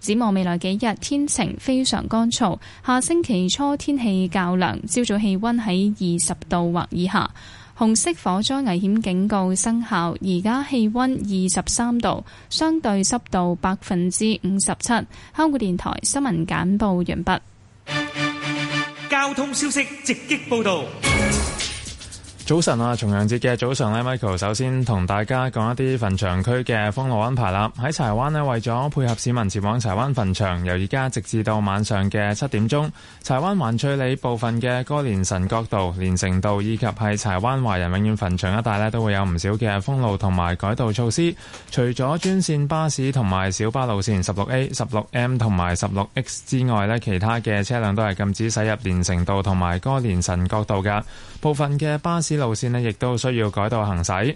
展望未來幾日天晴非常乾燥，下星期初天氣較涼，朝早氣温喺二十度或以下。紅色火災危險警告生效，而家氣温二十三度，相對濕度百分之五十七。香港電台新聞簡報完畢。交通消息直擊報導。早晨啊，重陽節嘅早上咧，Michael 首先同大家講一啲墳場區嘅封路安排啦。喺柴灣呢，為咗配合市民前往柴灣墳場，由而家直至到晚上嘅七點鐘，柴灣環翠里部分嘅哥連臣角道、連城道以及係柴灣華人永遠墳場一帶呢，都會有唔少嘅封路同埋改道措施。除咗專線巴士同埋小巴路線十六 A、十六 M 同埋十六 X 之外呢，其他嘅車輛都係禁止駛入連城道同埋哥連臣角道㗎。部分嘅巴士。路線呢亦都需要改道行駛，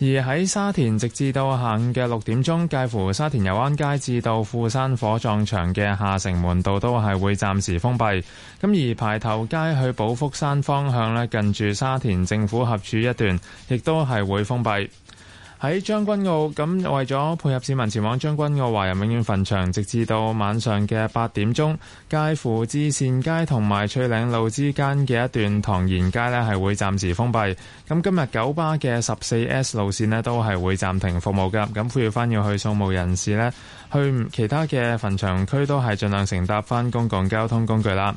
而喺沙田直至到下午嘅六點鐘，介乎沙田油灣街至到富山火葬場嘅下城門道都係會暫時封閉。咁而排頭街去寶福山方向呢，近住沙田政府合署一段，亦都係會封閉。喺將軍澳，咁為咗配合市民前往將軍澳華人永遠墳場，直至到晚上嘅八點鐘，介乎至善街同埋翠嶺路之間嘅一段唐賢街呢係會暫時封閉。咁今日九巴嘅十四 S 路綫呢都係會暫停服務嘅。咁呼籲翻要去掃墓人士呢，去其他嘅墳場區都係盡量乘搭翻公共交通工具啦。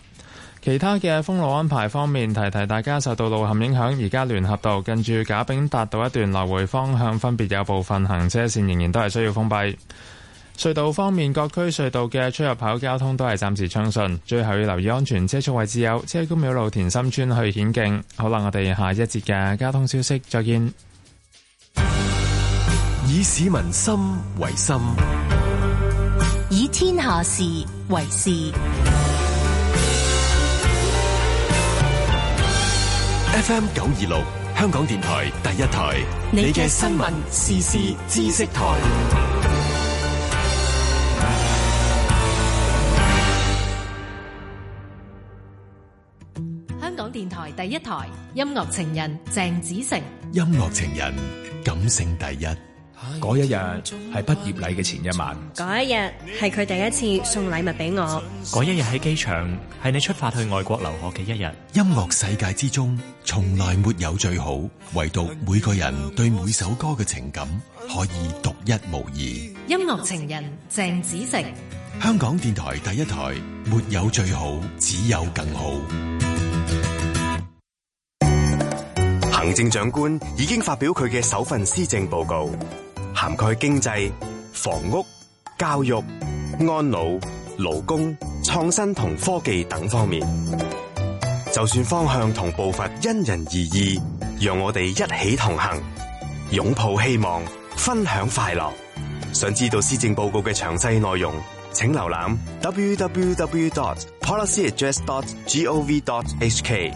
其他嘅封路安排方面，提提大家受到路陷影響，而家聯合道近住賈炳達道一段來回方向分別有部分行車線仍然都係需要封閉。隧道方面，各區隧道嘅出入口交通都係暫時暢順。最後要留意安全車速位置。有車公廟路田心村去顯徑。好啦，我哋下一節嘅交通消息再見。以市民心為心，以天下事為事。FM 九二六，香港電台第一台，你嘅新聞時事知識台。香港電台第一台，音樂情人鄭子誠，音樂情人感性第一。嗰一日係畢業禮嘅前一晚，嗰一日係佢第一次送禮物俾我，嗰一日喺機場係你出發去外國留學嘅一日。音樂世界之中，從來沒有最好，唯獨每個人對每首歌嘅情感可以獨一無二。音樂情人鄭子誠，香港電台第一台，沒有最好，只有更好。行政長官已經發表佢嘅首份施政報告，涵蓋經濟、房屋、教育、安老、勞工、創新同科技等方面。就算方向同步伐因人而異，讓我哋一起同行，擁抱希望，分享快樂。想知道施政報告嘅詳細內容，請瀏覽 www.policyaddress.gov.hk。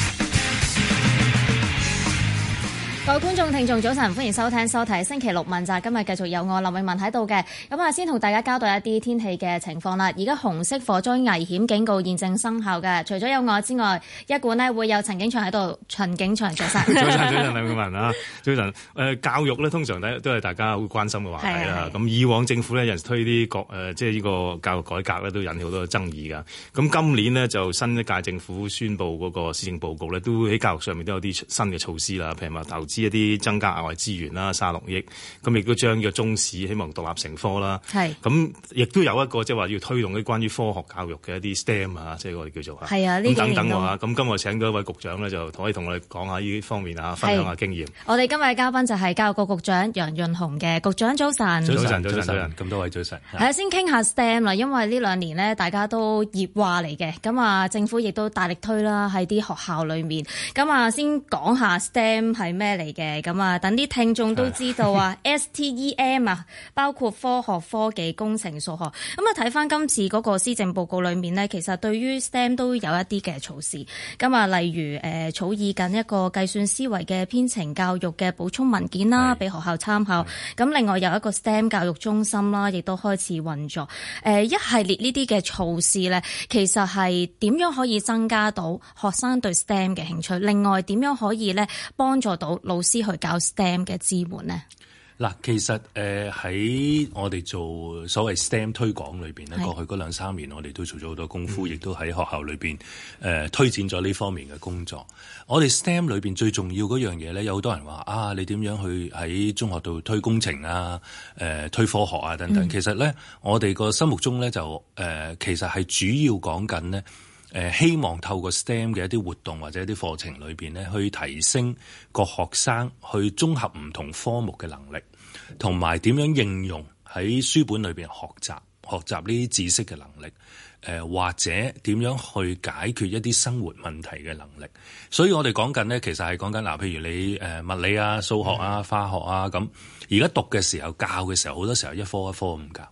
各位觀眾、聽眾，早晨！歡迎收聽收睇《星期六問責》，今日繼續有我林詠雯喺度嘅。咁啊，先同大家交代一啲天氣嘅情況啦。而家紅色火災危險警告現正生效嘅。除咗有我之外，一管呢會有陳景祥喺度，陳景祥，早晨，早晨，林詠雯啊，早晨。誒、呃，教育咧通常都係大家好關心嘅話題啦。咁是以往政府咧有時推啲國誒，即係呢個教育改革咧都引起好多爭議㗎。咁今年呢，就新一屆政府宣布嗰個施政報告呢，都喺教育上面都有啲新嘅措施啦。譬如話投資。一啲增加額外資源啦，卅六億咁亦都將個中史希望獨立成科啦。係咁是，亦都有一個即係話要推動啲關於科學教育嘅一啲 STEM 啊，即係我哋叫做啊。係啊，咁等等啊。咁、嗯、今日請咗一位局長咧，就可以同我哋講下呢方面啊，分享下經驗。我哋今日嘅嘉賓就係教育局局長楊潤雄嘅局長，早晨。早晨安，早晨，早晨。咁多位早晨。係啊，先傾下 STEM 啦，因為呢兩年咧大家都熱話嚟嘅，咁啊政府亦都大力推啦喺啲學校裏面。咁啊先講下 STEM 係咩？嚟嘅咁啊，等啲聽眾都知道啊，STEM 啊， S T E M，包括科學、科技、工程、數學。咁啊，睇翻今次嗰個施政報告裏面呢，其實對於 STEM 都有一啲嘅措施。咁啊，例如誒，草擬緊一個計算思維嘅編程教育嘅補充文件啦，俾 學校參考。咁 另外有一個 STEM 教育中心啦，亦都開始運作。誒，一系列呢啲嘅措施呢，其實係點樣可以增加到學生對 STEM 嘅興趣？另外點樣可以咧幫助到？老師去教 STEM 嘅支援咧，嗱，其實誒喺、呃、我哋做所謂 STEM 推廣裏邊咧，的過去嗰兩三年我哋都做咗好多功夫，嗯、亦都喺學校裏邊誒、呃、推展咗呢方面嘅工作。我哋 STEM 裏邊最重要嗰樣嘢咧，有好多人話啊，你點樣去喺中學度推工程啊，誒、呃，推科學啊等等。嗯、其實咧，我哋個心目中咧就誒、呃，其實係主要講緊咧。誒希望透過 STEM 嘅一啲活動或者一啲課程裏邊咧，去提升個學生去綜合唔同科目嘅能力，同埋點樣應用喺書本裏邊學習學習呢啲知識嘅能力，誒、呃、或者點樣去解決一啲生活問題嘅能力。所以我哋講緊咧，其實係講緊嗱，譬如你誒、呃、物理啊、數學啊、化學啊咁，而家讀嘅時候教嘅時候，好多時候一科一科咁教。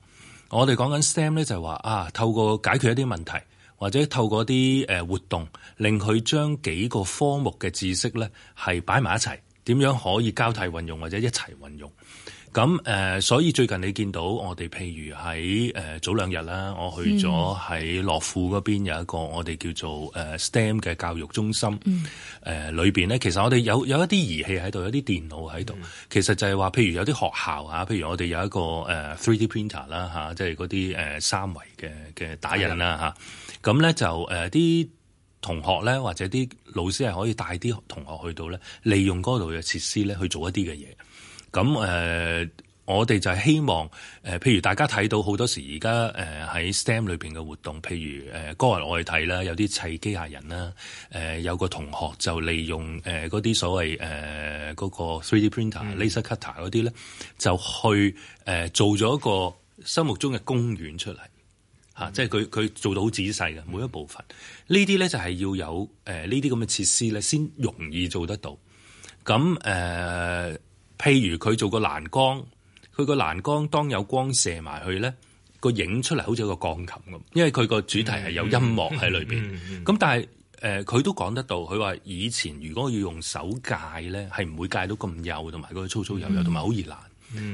我哋講緊 STEM 咧，就係話啊，透過解決一啲問題，或者透過啲誒活動，令佢將幾個科目嘅知識咧係擺埋一齊，點樣可以交替運用或者一齊運用？咁誒、呃，所以最近你見到我哋，譬如喺誒、呃、早兩日啦，我去咗喺樂富嗰邊有一個我哋叫做誒、呃、STEM 嘅教育中心，誒裏邊咧其實我哋有有一啲儀器喺度，有啲電腦喺度，嗯、其實就係話，譬如有啲學校啊，譬如我哋有一個誒 3D printer 啦、啊、嚇，即係嗰啲誒三維嘅嘅打印啦嚇。嗯咁咧就誒啲、呃、同學咧，或者啲老師係可以帶啲同學去到咧，利用嗰度嘅設施咧去做一啲嘅嘢。咁誒、呃、我哋就係希望誒、呃、譬如大家睇到好多時而家誒喺、呃、STEM 裏邊嘅活動，譬如誒過嚟我哋睇啦，有啲砌機械人啦，誒、呃、有個同學就利用誒啲、呃、所謂誒、呃、那個個 three D printer、嗯、laser cutter 啲咧，就去誒、呃、做咗一個心目中嘅公園出嚟。嚇、啊！即係佢佢做到好仔細嘅每一部分，嗯、呢啲咧就係、是、要有誒、呃、呢啲咁嘅設施咧，先容易做得到。咁、嗯、誒、呃，譬如佢做個欄杆，佢個欄杆當有光射埋去咧，個影出嚟好似個鋼琴咁，因為佢個主題係有音樂喺裏邊。咁、嗯嗯嗯、但係誒，佢、呃、都講得到，佢話以前如果要用手介咧，係唔會介到咁幼，同埋嗰個粗粗幼幼，同埋好易爛。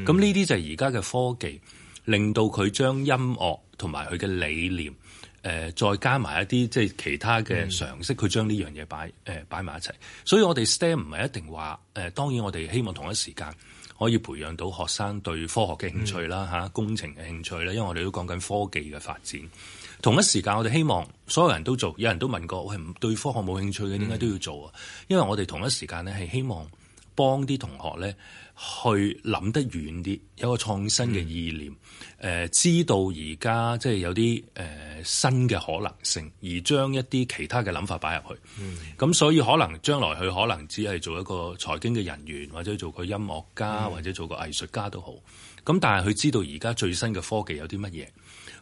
咁呢啲就係而家嘅科技。令到佢將音樂同埋佢嘅理念，誒、呃、再加埋一啲即係其他嘅常識，佢將呢樣嘢擺誒擺埋一齊。所以我哋 STEM 唔係一定話誒、呃，當然我哋希望同一時間可以培養到學生對科學嘅興趣啦，嚇、嗯啊、工程嘅興趣咧。因為我哋都講緊科技嘅發展，同一時間我哋希望所有人都做。有人都問過，我、哎、係對科學冇興趣嘅，點解都要做啊？嗯、因為我哋同一時間咧係希望幫啲同學咧。去諗得遠啲，有個創新嘅意念。誒、嗯呃，知道而家即係有啲誒、呃、新嘅可能性，而將一啲其他嘅諗法擺入去。咁、嗯、所以可能將來佢可能只係做一個財經嘅人員，或者做個音樂家，或者做個藝術家都好。咁但係佢知道而家最新嘅科技有啲乜嘢，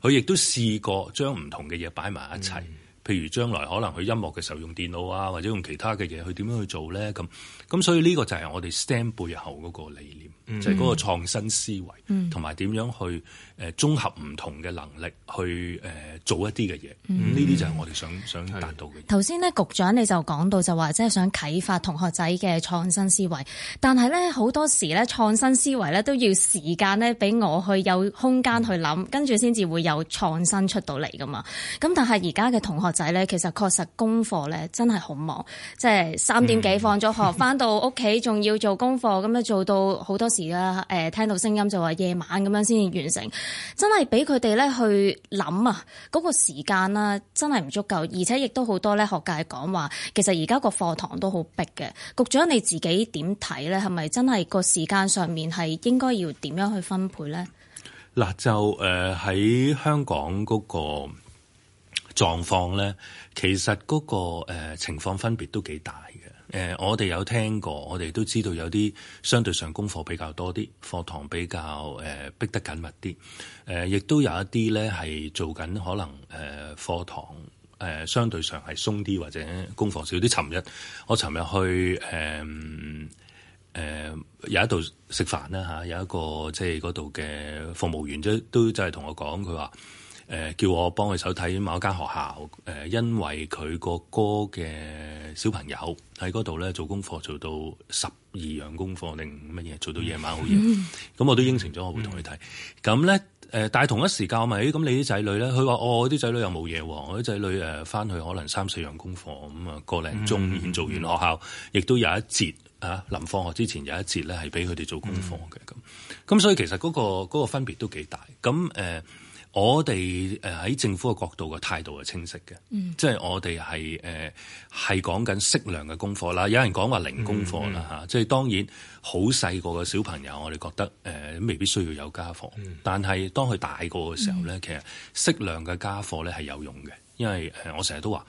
佢亦都試過將唔同嘅嘢擺埋一齊。嗯譬如將來可能佢音樂嘅時候用電腦啊，或者用其他嘅嘢去點樣去做咧咁，咁所以呢個就係我哋 STEM 背後嗰個理念，mm hmm. 就係嗰個創新思維，同埋點樣去誒綜、呃、合唔同嘅能力去誒。呃做一啲嘅嘢，咁呢啲就係我哋想、嗯、想達到嘅。頭先呢局長你就講到就話，即係想啟發同學仔嘅創新思維。但係咧，好多時咧創新思維咧都要時間咧俾我去有空間去諗，跟住先至會有創新出到嚟㗎嘛。咁但係而家嘅同學仔咧，其實確實功課咧真係好忙，即係三點幾放咗學，返、嗯、到屋企仲要做功課，咁樣 做到好多時，啊誒聽到聲音就話夜晚咁樣先完成，真係俾佢哋咧去諗啊！嗰個時間啦，真係唔足夠，而且亦都好多咧學界講話，其實而家個課堂都好逼嘅。局長你自己點睇咧？係咪真係個時間上面係應該要點樣去分配咧？嗱、呃，就誒喺、呃、香港嗰個狀況咧，其實嗰、個誒、呃、情況分別都幾大嘅。誒、呃，我哋有聽過，我哋都知道有啲相對上功課比較多啲，課堂比較誒逼、呃、得緊密啲。誒、呃，亦都有一啲咧係做緊，可能誒、呃、課堂誒、呃、相對上係鬆啲，或者功課少啲。尋日我尋日去誒誒、呃呃、有一度食飯啦嚇、啊，有一個即係嗰度嘅服務員都都就係同我講，佢話，誒叫我幫佢手睇某一間學校，誒因為佢個哥嘅小朋友喺嗰度咧做功課做到十二樣功課定乜嘢，做到夜晚好夜，咁、嗯、我都應承咗我會同佢睇。咁咧誒，但係同一時間咪，問、欸、咁你啲仔女咧？佢話哦，我啲仔女又冇嘢喎，我啲仔女誒翻去可能三四樣功課咁啊，個零鍾做完學校，亦、嗯嗯、都有一節啊，臨放學之前有一節咧係俾佢哋做功課嘅咁。咁、嗯嗯、所以其實嗰、嗰個嗰個分別都幾大。咁誒。我哋誒喺政府嘅角度嘅態度係清晰嘅，嗯、即係我哋係誒係講緊適量嘅功課啦。有人講話零功課啦嚇、嗯嗯啊，即係當然好細個嘅小朋友，我哋覺得誒、呃、未必需要有家課。嗯、但係當佢大個嘅時候咧，嗯、其實適量嘅家課咧係有用嘅，因為誒我成日都話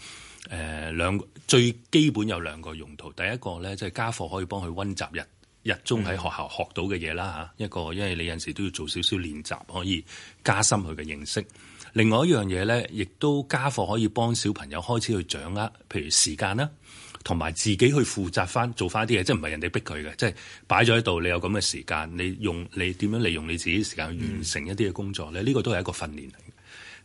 誒兩最基本有兩個用途，第一個咧即係家課可以幫佢温習入。日中喺學校學到嘅嘢啦吓，一個、嗯、因為你有陣時都要做少少練習，可以加深佢嘅認識。另外一樣嘢咧，亦都家課可以幫小朋友開始去掌握，譬如時間啦，同埋自己去負責返做返啲嘢，即係唔係人哋逼佢嘅，即係擺咗喺度，你有咁嘅時間，你用你點樣利用你自己時間去完成一啲嘅工作咧？呢、嗯、個都係一個訓練嚟嘅。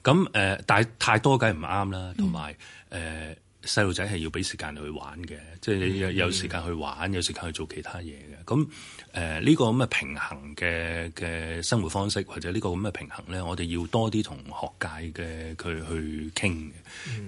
咁誒，但係、呃、太多梗係唔啱啦，同埋誒。嗯呃細路仔係要俾時間去玩嘅，嗯、即係有有時間去玩，嗯、有時間去做其他嘢嘅。咁誒呢個咁嘅平衡嘅嘅生活方式，或者呢個咁嘅平衡咧，我哋要多啲同學界嘅佢去傾嘅。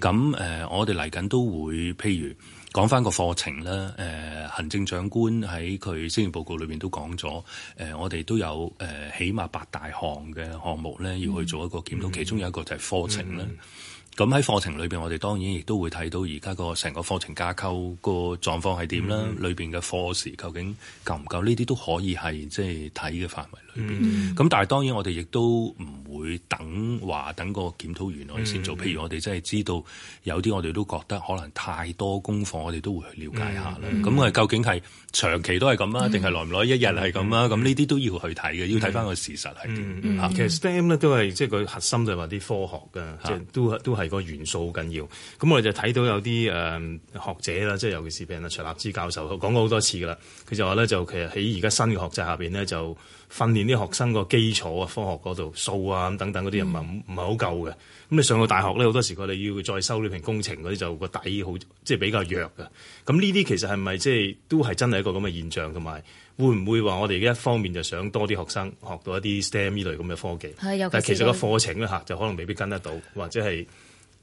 咁誒、嗯呃，我哋嚟緊都會譬如講翻個課程啦。誒、呃，行政長官喺佢施政報告裏邊都講咗，誒、呃，我哋都有誒、呃，起碼八大項嘅項目咧，要去做一個檢討，嗯、其中有一個就係課程啦。嗯嗯嗯咁喺課程裏邊，我哋當然亦都會睇到而家個成個課程架構個狀況係點啦，嗯、裏邊嘅課時究竟夠唔夠？呢啲都可以係即係睇嘅範圍咯。嗯，咁但係當然我哋亦都唔會等話等個檢討完我哋先做。嗯、譬如我哋真係知道有啲我哋都覺得可能太多功課，我哋都會去了解下啦。咁係，嗯嗯、究竟係長期都係咁啊，定係耐唔耐一日係咁啊？咁呢啲都要去睇嘅，要睇翻個事實係點點。其實 STEM 咧都係即係佢核心就係話啲科學嘅，即、啊、都都係個元素好緊要。咁我哋就睇到有啲誒、嗯、學者啦，即係尤其是譬如阿徐立之教授講過好多次噶啦，佢就話咧就其實喺而家新嘅學習下邊咧就訓練。啲學生個基礎啊，科學嗰度數啊咁等等嗰啲，又唔係唔係好夠嘅。咁你上到大學咧，好多時佢哋要再修呢啲工程嗰啲，就個底好即係比較弱㗎。咁呢啲其實係咪即係都係真係一個咁嘅現象，同埋會唔會話我哋一方面就想多啲學生學到一啲 STEM 呢類咁嘅科技？但係其實個課程咧嚇 就可能未必跟得到，或者係。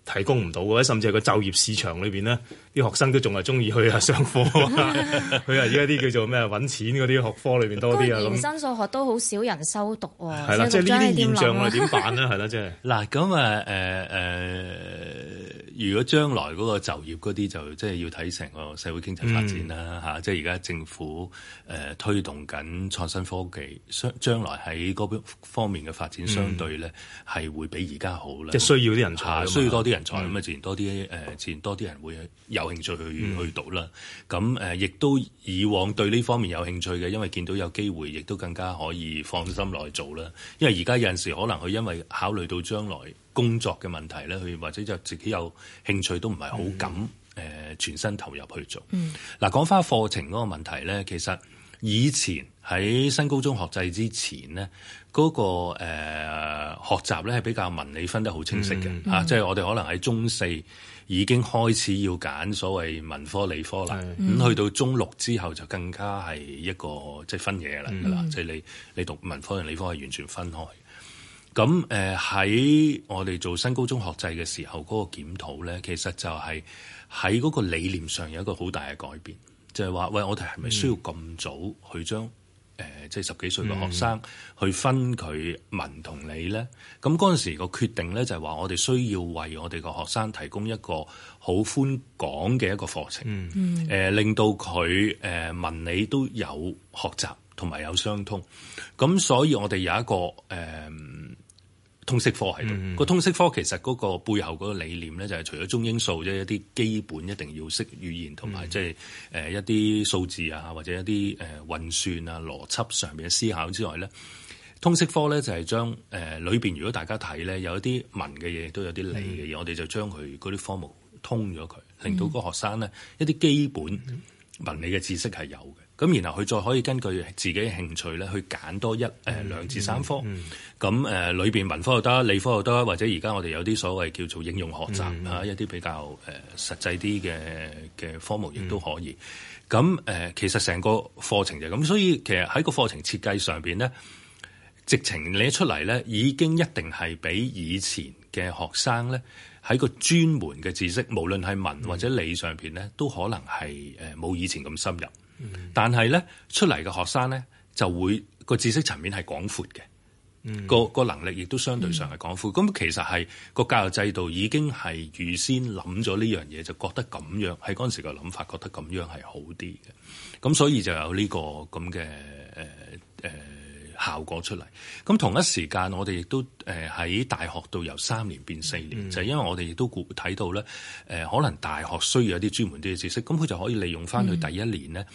提供唔到嘅，甚至係個就業市場裏邊咧，啲學生都仲係中意去啊上課，佢係而家啲叫做咩揾錢嗰啲學科裏邊多啲啊。延伸 數學都好少人修讀喎、啊。係啦了，即係呢啲現象我哋點辦咧？係啦， 即係嗱咁誒誒誒。 如果將來嗰個就業嗰啲就即係要睇成個社會經濟發展啦嚇、嗯啊，即係而家政府誒、呃、推動緊創新科技，將來喺嗰方面嘅發展相對咧係、嗯、會比而家好啦。即係需要啲人才，需要多啲人才咁啊、嗯呃，自然多啲誒，自然多啲人會有興趣去、嗯、去到啦。咁、啊、誒，亦都以往對呢方面有興趣嘅，因為見到有機會，亦都更加可以放心來做啦。嗯、因為而家有陣時可能佢因為考慮到將來。工作嘅問題咧，佢或者就自己有興趣都唔係好敢誒、嗯呃、全身投入去做。嗱，嗯、講翻課程嗰個問題咧，其實以前喺新高中學制之前咧，嗰、那個誒、呃、學習咧係比較文理分得好清晰嘅，即係我哋可能喺中四已經開始要揀所謂文科、理科啦。咁、嗯嗯、去到中六之後就更加係一個即係、就是、分野啦㗎啦，即係、嗯嗯、你你讀文科定理科係完全分開。咁誒喺我哋做新高中學制嘅時候，嗰、嗰個檢討咧，其實就係喺嗰個理念上有一個好大嘅改變，就係、係、話喂，我哋係咪需要咁早去將誒、呃、即係十幾歲嘅學生去分佢文同理咧？咁嗰陣時個決定咧就係話，我哋需要為我哋個學生提供一個好寬廣嘅一個課程，誒、嗯呃、令到佢誒文理都有學習同埋有，有相通。咁所以我哋有一個誒、呃通識科喺度，個通識科其實嗰個背後嗰個理念咧，就係除咗中英數，即係、就是、一啲基本一定要識語言同埋即係誒一啲數字啊，或者一啲誒、呃、運算啊、邏輯上面嘅思考之外咧，通識科咧就係將誒裏邊如果大家睇咧有一啲文嘅嘢都有啲理嘅嘢，嗯、我哋就將佢嗰啲科目通咗佢，令到個學生咧一啲基本文理嘅知識係有嘅。咁，然後佢再可以根據自己興趣咧，去揀多一誒兩、呃、至三科。咁誒裏邊文科又得，理科又得，或者而家我哋有啲所謂叫做應用學習嚇、嗯啊，一啲比較誒、呃、實際啲嘅嘅科目亦都可以。咁誒、嗯呃，其實成個課程就咁，所以其實喺個課程設計上邊咧，直情你一出嚟咧，已經一定係比以前嘅學生咧喺個專門嘅知識，無論係文或者理上邊咧，都可能係誒冇以前咁深入。但係咧出嚟嘅學生咧就會個知識層面係廣闊嘅，嗯、個個能力亦都相對上係廣闊。咁、嗯、其實係個教育制度已經係預先諗咗呢樣嘢，就覺得咁樣喺嗰陣時嘅諗法，覺得咁樣係好啲嘅。咁所以就有呢、呢個咁嘅效果出嚟，咁同一時間我哋亦都誒喺大學度由三年變四年，就係、mm hmm. 因為我哋亦都估睇到咧誒，可能大學需要一啲專門啲嘅知識，咁佢就可以利用翻佢第一年咧，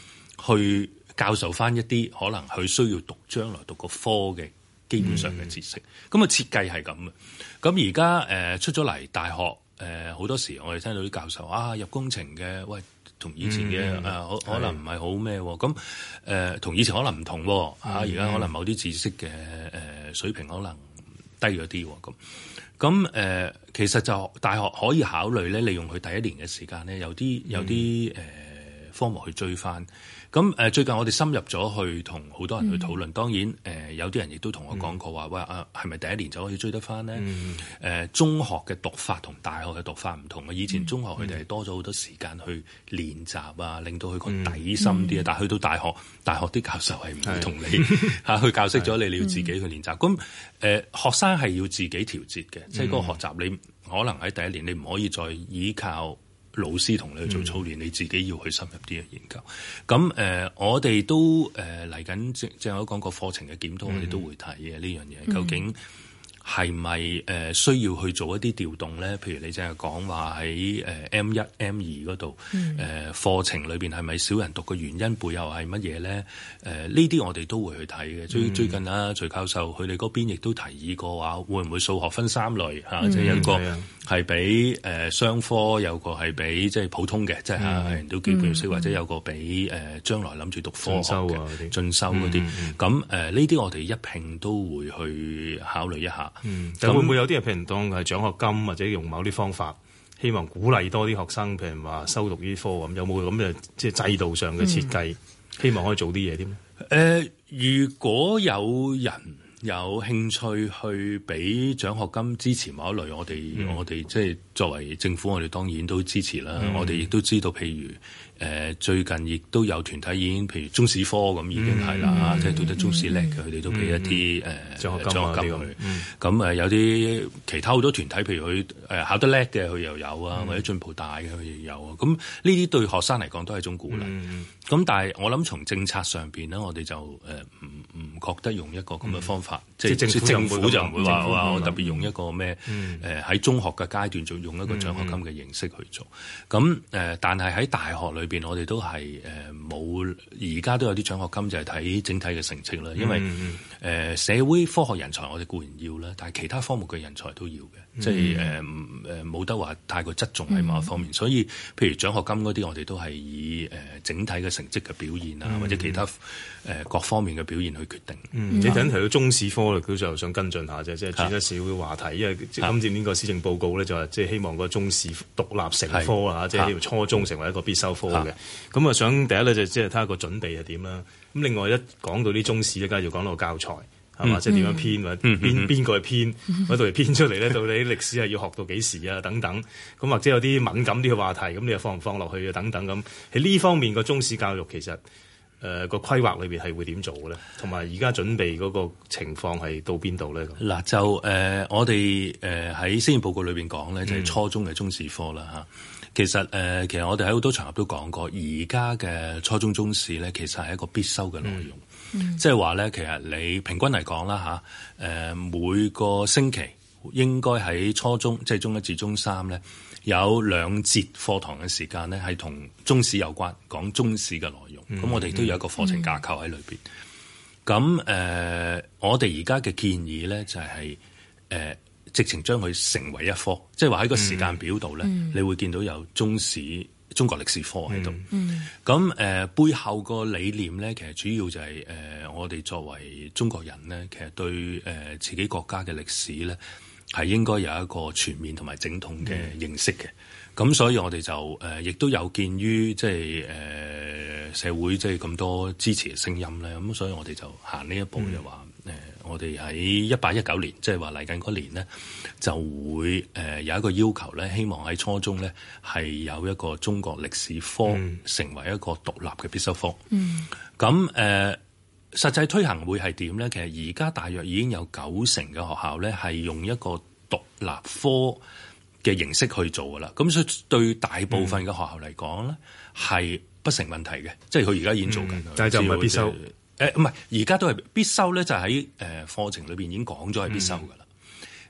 去教授翻一啲可能佢需要讀將來讀個科嘅基本上嘅知識，咁啊、mm hmm. 設計係咁嘅，咁而家誒出咗嚟大學，誒好多時我哋聽到啲教授啊入工程嘅喂。同以前嘅誒，可、嗯啊、可能唔係好咩喎？咁誒是，同、呃、以前可能唔同喎。而、啊、家是 可能某啲知識嘅誒、呃、水平可能低咗啲喎。咁咁誒，其實就大學可以考慮咧，利用佢第一年嘅時間咧，有啲有啲誒、嗯呃、科目去追翻。咁誒最近我哋深入咗去同好多人去討論，嗯、當然誒、呃、有啲人亦都同我講過話，喂，啊係咪第一年就可以追得返呢？誒、嗯呃、中學嘅讀法同大學嘅讀法唔同嘅，以前中學佢哋係多咗好多時間去練習啊，令到佢個底深啲啊，嗯嗯、但係去到大學，大學啲教授係唔會同你嚇去是 教識咗你，你要自己去練習。咁誒、嗯呃、學生係要自己調節嘅，嗯、即係嗰個學習你可能喺第一年你唔可以再依靠。老師同你去做操練，你自己要去深入啲嘅研究。咁誒、呃，我哋都誒嚟緊，正正我講過課程嘅檢討，嗯、我哋都會睇嘅呢樣嘢，究竟，係咪誒需要去做一啲調動咧？譬如你淨係講話喺誒 M 一、M 二嗰度誒課程裏邊係咪少人讀嘅原因背後係乜嘢咧？誒呢啲我哋都會去睇嘅。最、嗯、最近啊，徐教授佢哋嗰邊亦都提議過話，會唔會數學分三類嚇？即係有個係俾誒商科，有個係俾即係普通嘅，即係嚇人都基本識，或者有個俾誒將來諗住讀科學進修嗰、啊、啲。進修啲咁誒呢啲我哋一拼都會去考慮一下。嗯，但會唔會有啲人譬如當係獎學金或者用某啲方法，希望鼓勵多啲學生，譬如話修讀醫科咁，有冇咁嘅即係制度上嘅設計，嗯、希望可以做啲嘢添咧？如果有人有興趣去俾獎學金支持某一類，我哋、嗯、我哋即係作為政府，我哋當然都支持啦。嗯、我哋亦都知道，譬如，誒最近亦都有團體已經，譬如中史科咁已經係啦，即係讀得中史叻嘅，佢哋都俾一啲誒獎學金去。咁誒有啲其他好多團體，譬如佢誒考得叻嘅佢又有啊，或者進步大嘅佢又有啊。咁呢啲對學生嚟講都係一種鼓勵。咁但係我諗從政策上邊咧，我哋就誒唔唔覺得用一個咁嘅方法，即係政府就唔會話我特別用一個咩誒喺中學嘅階段就用一個獎學金嘅形式去做。咁誒，但係喺大學裏，裏邊我哋都係誒冇，呃、而家都有啲獎學金就係睇整體嘅成績啦。因為誒、嗯呃、社會科學人才我哋固然要啦，但係其他科目嘅人才都要嘅。即係誒誒冇得話太過側重喺某一方面，嗯、所以譬如獎學金嗰啲，我哋都係以誒、呃、整體嘅成績嘅表現啊，或者其他誒、呃、各方面嘅表現去決定。嗯嗯、你等提到中史科咧，都想跟進下啫，即係轉咗少嘅話題，啊、因為今次呢個施政報告咧就係即係希望個中史獨立成科啦，嚇、啊，即係初中成為一個必修科嘅。咁啊，想第一咧就即係睇下個準備係點啦。咁另外一講到啲中史一梗係要講到教材。係嘛？嗯、即係點樣編？邊邊個去編？喺度嚟編出嚟咧？到底歷史係要學到幾時啊？等等。咁或者有啲敏感啲嘅話題，咁你又放唔放落去啊？等等，咁喺呢方面個中史教育其實誒個、呃、規劃裏邊係會點做嘅咧？同埋而家準備嗰個情況係到邊度咧？咁嗱就誒、呃、我哋誒喺施政報告裏邊講咧，就係、是、初中嘅中史科啦嚇。嗯其實誒、呃，其實我哋喺好多場合都講過，而家嘅初中中史咧，其實係一個必修嘅內容。即係話咧，其實你平均嚟講啦嚇，誒、啊呃、每個星期應該喺初中即係中一至中三咧，有兩節課堂嘅時間咧，係同中史有關，講中史嘅內容。咁、mm hmm. 我哋都有一個課程架構喺裏邊。咁誒、mm hmm. 呃，我哋而家嘅建議咧就係、係、誒。呃直情將佢成為一科，即係話喺個時間表度咧，嗯、你會見到有中史、中國歷史科喺度。咁誒、嗯嗯呃、背後個理念咧，其實主要就係、是、誒、呃、我哋作為中國人咧，其實對誒、呃、自己國家嘅歷史咧，係應該有一個全面同埋整統嘅認識嘅。咁、嗯、所以我哋就誒亦、呃、都有見於即係誒、呃、社會即係咁多支持嘅聲音咧。咁所以我哋就行呢一步就話。嗯我哋喺一八一九年，即係話嚟緊嗰年咧，就會誒、呃、有一個要求咧，希望喺初中咧係有一個中國歷史科成為一個獨立嘅必修科。咁誒、嗯呃，實際推行會係點咧？其實而家大約已經有九成嘅學校咧，係用一個獨立科嘅形式去做噶啦。咁所以對大部分嘅學校嚟講咧，係、嗯、不成問題嘅，即係佢而家已經做緊、嗯，但係就唔係必修。誒唔係，而家、呃、都係必修咧，就喺誒課程裏邊已經講咗係必修噶啦。嗯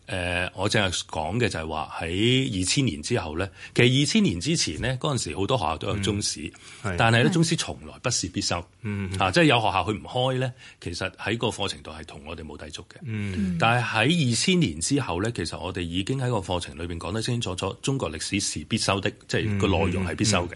誒，我淨係講嘅就係話喺二千年之後咧，其實二千年之前咧，嗰陣時好多學校都有中史，嗯、但係咧中史從來不是必修，嚇、嗯啊，即係有學校佢唔開咧，其實喺個課程度係同我哋冇抵觸嘅。嗯、但係喺二千年之後咧，其實我哋已經喺個課程裏邊講得清清楚楚，中國歷史是必修的，即係個內容係必修嘅。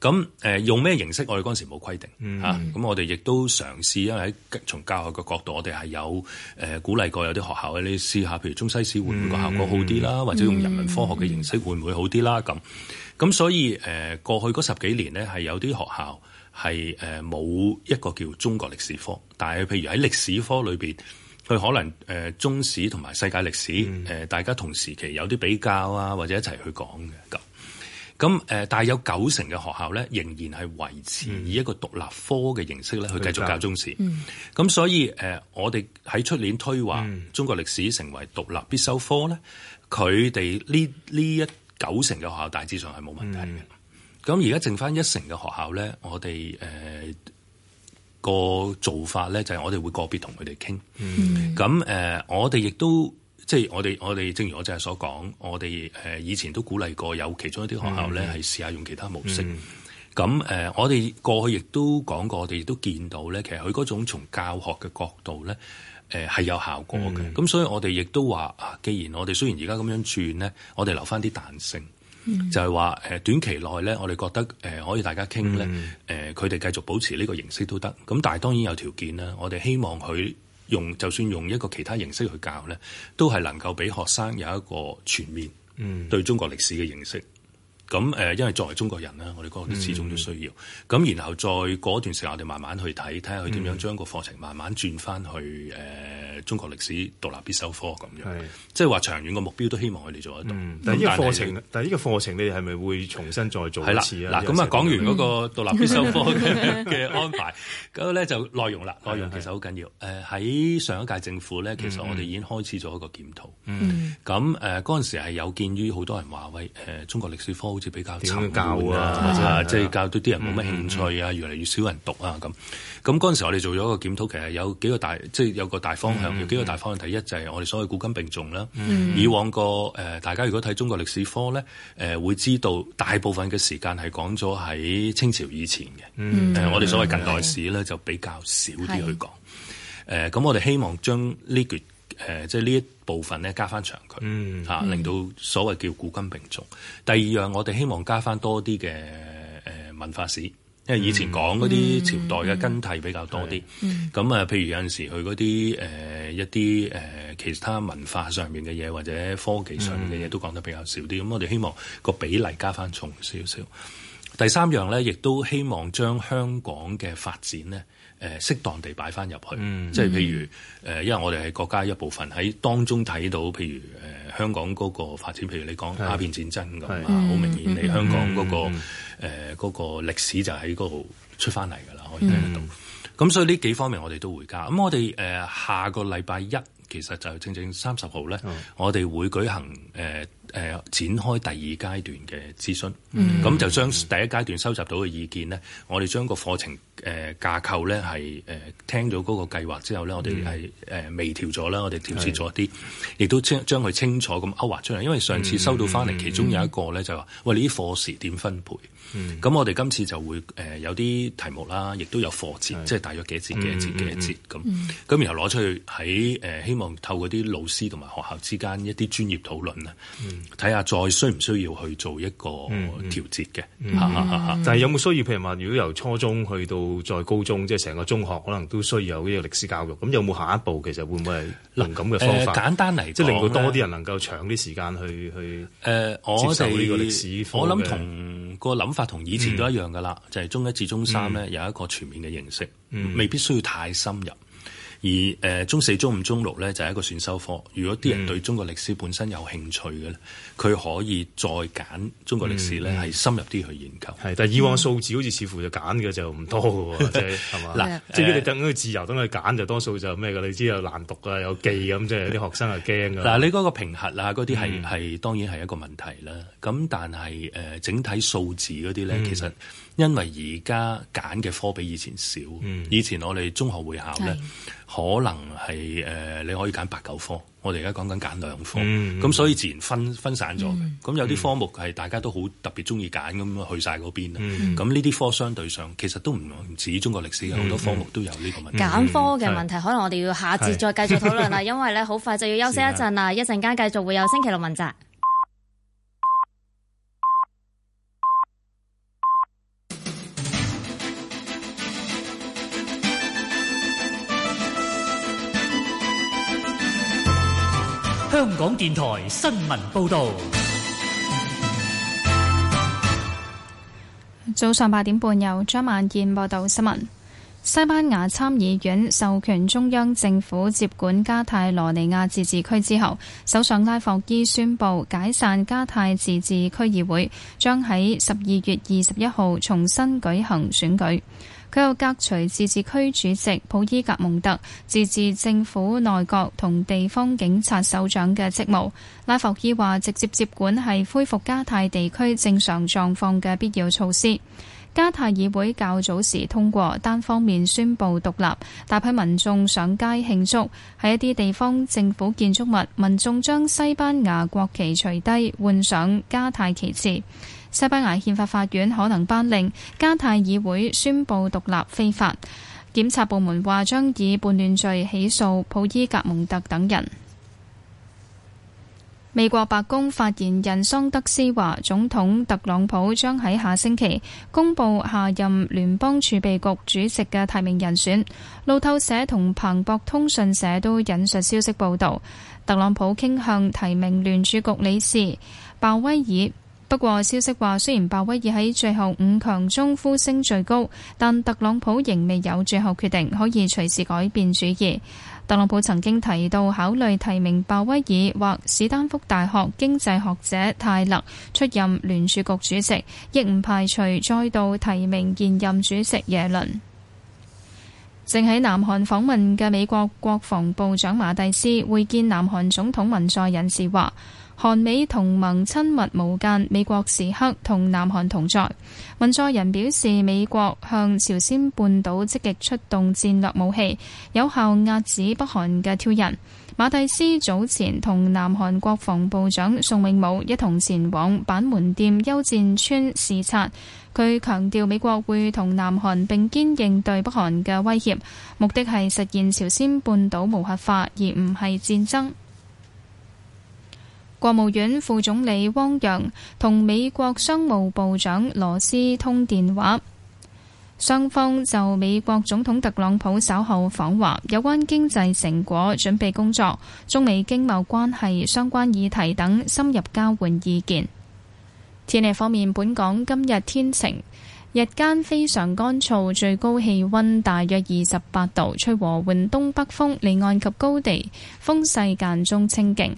咁誒、嗯嗯呃，用咩形式我哋嗰陣時冇規定嚇，咁、啊、我哋亦都嘗試，因為喺從教學嘅角度我，我哋係有誒鼓勵過有啲學校咧，你試下譬如中西。史會唔會個效果好啲啦？嗯、或者用人文科學嘅形式會唔會好啲啦？咁咁、嗯、所以誒、呃、過去嗰十幾年呢，係有啲學校係誒冇一個叫中國歷史科，但係譬如喺歷史科裏邊，佢可能誒、呃、中史同埋世界歷史誒、嗯呃、大家同時期有啲比較啊，或者一齊去講嘅咁。咁誒，但係有九成嘅學校咧，仍然係維持以一個獨立科嘅形式咧，去繼續教中史。咁、嗯、所以誒、呃，我哋喺出年推話、嗯、中國歷史成為獨立必修科咧，佢哋呢呢一九成嘅學校大致上係冇問題嘅。咁而家剩翻一成嘅學校咧，我哋誒個做法咧，就係我哋會個別同佢哋傾。咁誒、嗯嗯呃，我哋亦都。即係我哋，我哋正如我正係所講，我哋誒、呃、以前都鼓勵過有其中一啲學校咧，係、嗯、試下用其他模式。咁誒、嗯呃，我哋過去亦都講過，我哋亦都見到咧，其實佢嗰種從教學嘅角度咧，誒、呃、係有效果嘅。咁、嗯、所以我哋亦都話啊，既然我哋雖然而家咁樣轉咧，我哋留翻啲彈性，嗯、就係話誒短期內咧，我哋覺得誒、呃、可以大家傾咧，誒佢哋繼續保持呢個形式都得。咁但係當然有條件啦，我哋希望佢。用就算用一個其他形式去教咧，都係能夠俾學生有一個全面嗯對中國歷史嘅認識。咁誒，因為作為中國人啦，我哋嗰個始終都需要。咁然後再過一段時間我哋慢慢去睇，睇下佢點樣將個課程慢慢轉翻去誒，中國歷史獨立必修科咁樣，即係話長遠嘅目標都希望佢哋做得到。但係呢個課程，但係呢個課程，你哋係咪會重新再做一次啊？嗱，咁啊講完嗰個獨立必修科嘅安排，咁咧就內容啦。內容其實好緊要。誒，喺上一屆政府咧，其實我哋已經開始咗一個檢討，嗯。咁誒嗰陣時係有見於好多人話喂，誒中國歷史科。比較陳舊啊，即係教到啲人冇乜興趣啊，越嚟越少人讀啊咁。咁嗰陣時，我哋做咗一個檢討，其實有幾個大，即係有個大方向，有幾個大方向。第一就係我哋所謂古今並重啦。以往個誒，大家如果睇中國歷史科咧，誒會知道大部分嘅時間係講咗喺清朝以前嘅。我哋所謂近代史咧就比較少啲去講。誒，咁我哋希望將呢句。誒、呃，即係呢一部分咧，加翻長佢吓、嗯啊，令到所謂叫古今並重。第二樣，我哋希望加翻多啲嘅誒文化史，因為以前講嗰啲朝代嘅更替比較多啲。咁啊、嗯嗯嗯，譬如有陣時去嗰啲誒一啲誒、呃、其他文化上面嘅嘢，或者科技上面嘅嘢，都講得比較少啲。咁我哋希望個比例加翻重少少。第三樣咧，亦都希望將香港嘅發展咧。誒適當地擺翻入去，嗯、即係譬如誒、呃，因為我哋係國家一部分，喺當中睇到，譬如誒、呃、香港嗰個發展，譬如你講鴉片戰爭咁啊，好明顯你、嗯、香港嗰、那個誒嗰、嗯呃那個、歷史就喺嗰度出翻嚟噶啦，可以睇得到。咁、嗯、所以呢幾方面我哋都會加。咁我哋誒、呃、下個禮拜一其實就正正三十號咧，嗯、我哋會舉行誒、呃誒、呃、展開第二階段嘅諮詢，咁、mm hmm. 就將第一階段收集到嘅意見咧，我哋將個課程誒、呃、架構咧係誒聽咗嗰個計劃之後咧、mm hmm. 呃，我哋係誒微調咗啦，我哋調節咗啲，亦都將將佢清楚咁勾劃出嚟。因為上次收到翻嚟，mm hmm. 其中有一個咧就話：喂、呃，你啲課時點分配？咁我哋今次就會誒，有啲題目啦，亦都有課節，即係大約幾節、幾節、幾節咁。咁然後攞出去喺誒，希望透過啲老師同埋學校之間一啲專業討論啊，睇下再需唔需要去做一個調節嘅。但係有冇需要？譬如話，如果由初中去到再高中，即係成個中學，可能都需要有呢個歷史教育。咁有冇下一步？其實會唔會係咁嘅方法？簡單嚟即係令到多啲人能夠搶啲時間去去誒，接受呢個歷史課嘅。我諗同個諗。法同以前都一樣噶啦，就係中一至中三咧有一個全面嘅認識，未必需要太深入。而誒、呃、中四、中五、中六咧就係、係、一個選修科。如果啲人對中國歷史本身有興趣嘅咧，佢、嗯、可以再揀中國歷史咧係、嗯、深入啲去研究。係，但係以往數字好似似乎就揀嘅 就唔多嘅喎，即係係嘛？嗱，即係你等佢自由等佢揀就多數就咩㗎你知有難讀有、嗯、啦，有記咁即係啲學生又驚㗎。嗱，你嗰個評核啊嗰啲係係當然係一個問題啦。咁但係誒、呃、整體數字嗰啲咧其實、嗯。因為而家揀嘅科比以前少，嗯、以前我哋中學會考咧，是可能係誒、呃、你可以揀八九科，我哋而家講緊揀兩科，咁、嗯、所以自然分分散咗。咁、嗯、有啲科目係大家都好特別中意揀咁去晒嗰邊啦。咁呢啲科相對上其實都唔止中國歷史，好、嗯、多科目都有呢個問題。揀、嗯、科嘅問題是可能我哋要下節再繼續討論啦，是的 因為咧好快就要休息一陣啦，一陣間繼續會有星期六問責。香港電台新聞報道，早上八點半由張萬健報道新聞。西班牙參議院授權中央政府接管加泰羅尼亞自治區之後，首相拉霍伊宣布解散加泰自治區議會，將喺十二月二十一號重新舉行選舉。佢又革除自治區主席普伊格蒙特、自治政府內閣同地方警察首長嘅職務。拉霍伊話：直接接管係恢復加泰地區正常狀況嘅必要措施。加泰議會較早時通過單方面宣布獨立，大批民眾上街慶祝，喺一啲地方政府建築物，民眾將西班牙國旗除低，換上加泰旗幟。西班牙憲法法院可能頒令加泰議會宣布獨立非法，檢察部門話將以叛亂罪起訴普伊格蒙特等人。美國白宮發言人桑德斯話，總統特朗普將喺下星期公布下任聯邦儲備局主席嘅提名人選。路透社同彭博通訊社都引述消息報道，特朗普傾向提名聯儲局理事鮑威爾。不過消息話，雖然鮑威爾喺最後五強中呼聲最高，但特朗普仍未有最後決定，可以隨時改變主意。特朗普曾經提到考慮提名鮑威爾或史丹福大學經濟學者泰勒出任聯儲局主席，亦唔排除再度提名現任主席耶倫。正喺南韓訪問嘅美國國防部長馬蒂斯會見南韓總統文在寅時話。韓美同盟親密無間，美國時刻同南韓同在。文在寅表示，美國向朝鮮半島積極出動戰略武器，有效壓止北韓嘅挑釁。馬蒂斯早前同南韓國防部長宋永武一同前往板門店休戰村視察，佢強調美國會同南韓並肩應對北韓嘅威脅，目的係實現朝鮮半島無核化，而唔係戰爭。國務院副總理汪洋同美國商務部長羅斯通，電話雙方就美國總統特朗普稍後訪華有關經濟成果準備工作、中美經貿關係相關議題等深入交換意見。天氣方面，本港今日天晴，日間非常乾燥，最高氣溫大約28度，吹和緩東北風，離岸及高地風勢間中清勁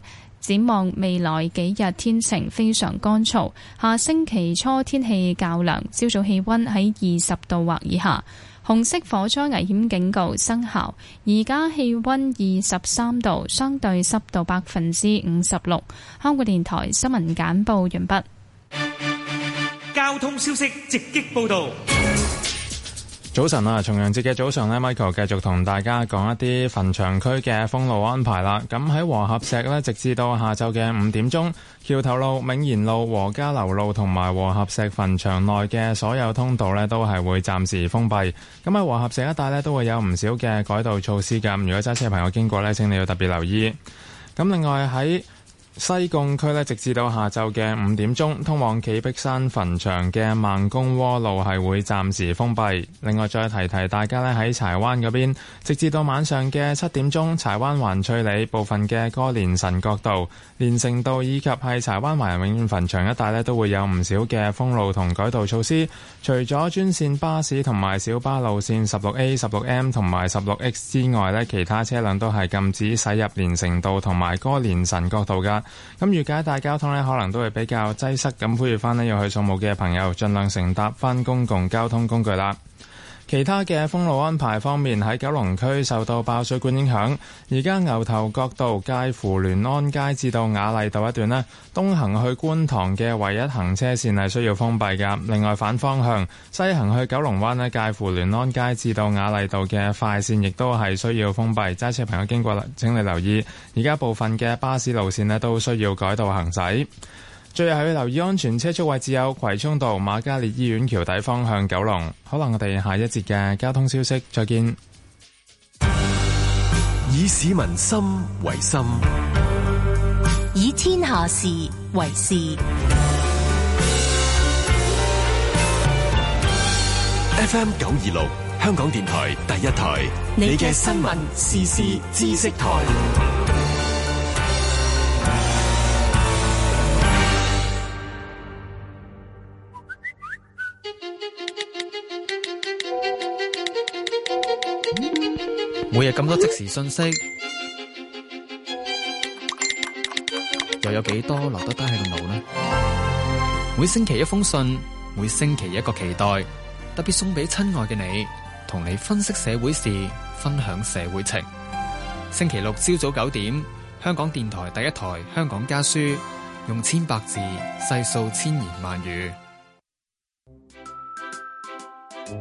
展望未來幾日天晴非常乾燥，下星期初天氣較涼，朝早氣温喺二十度或以下。紅色火災危險警告生效，而家氣温二十三度，相對濕度百分之五十六。香港電台新聞簡報完畢。交通消息直擊報導。早晨啊！重陽節嘅早上呢，Michael 繼續同大家講一啲墳場區嘅封路安排啦。咁喺和合石呢，直至到下晝嘅五點鐘，橋頭路、銘賢路、和家樓路同埋和合石墳場內嘅所有通道呢，都係會暫時封閉。咁喺和合石一帶呢，都會有唔少嘅改道措施噶。如果揸車嘅朋友經過呢，請你要特別留意。咁另外喺西貢區咧，直至到下晝嘅五點鐘，通往企碧山墳場嘅萬工窩路係會暫時封閉。另外，再提提大家咧，喺柴灣嗰邊，直至到晚上嘅七點鐘，柴灣環翠里部分嘅哥連臣角道、連城道以及喺柴灣華人永遠墳場一帶咧，都會有唔少嘅封路同改道措施。除咗專線巴士同埋小巴路線十六 A、十六 M 同埋十六 X 之外咧，其他車輛都係禁止駛入連城道同埋哥連臣角道噶。咁，預計大交通呢，可能都會比較擠塞。咁，呼籲返呢要去掃墓嘅朋友，盡量乘搭返公共交通工具啦。其他嘅封路安排方面，喺九龍區受到爆水管影響，而家牛頭角道介乎聯安街至到雅麗道一段呢，東行去觀塘嘅唯一行車綫係需要封閉噶。另外反方向西行去九龍灣呢，介乎聯安街至到雅麗道嘅快綫亦都係需要封閉。揸車朋友經過啦，請你留意。而家部分嘅巴士路綫呢都需要改道行駛。最後要留意安全車速位置，有葵涌道、瑪嘉烈醫院橋底方向、九龍。可能我哋下一節嘅交通消息再見。以市民心為心，以天下事為事。F M 九二六，香港電台第一台，你嘅的 新聞、時事、知識台。每日咁多即時訊息，又有幾多留得低喺度腦呢？每星期一封信，每星期一個期待，特別送俾親愛嘅你，同你分析社會事，分享社會情。星期六朝早九點，香港電台第一台《香港家書》，用千百字細數千言萬語。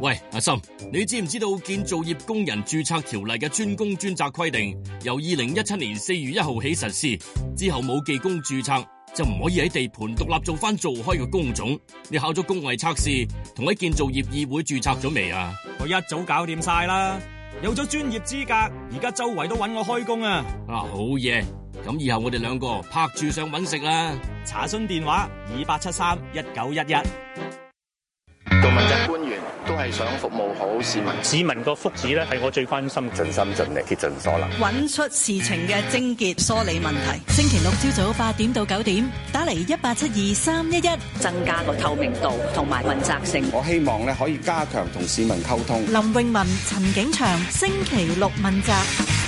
喂，阿心，你知唔知道建造業工人注冊條例嘅專工專責規定，由二零一七年四月一號起實施，之後冇技工注冊就唔可以喺地盤獨立做翻做開嘅工種。你考咗工藝測試同喺建造業議會注冊咗未啊？我一早搞掂晒啦，有咗專業資格，而家周圍都揾我開工啊！啊，好嘢，咁以後我哋兩個拍住上揾食啦。查詢電話二八七三一九一一。做問責官員。係想服務好市民，市民個福祉咧係我最關心，盡心盡力竭盡所能，揾出事情嘅症結，梳理問題。星期六朝早八點到九點，打嚟一八七二三一一，增加個透明度同埋問責性。我希望咧可以加強同市民溝通。林詠雯、陳景祥，星期六問責。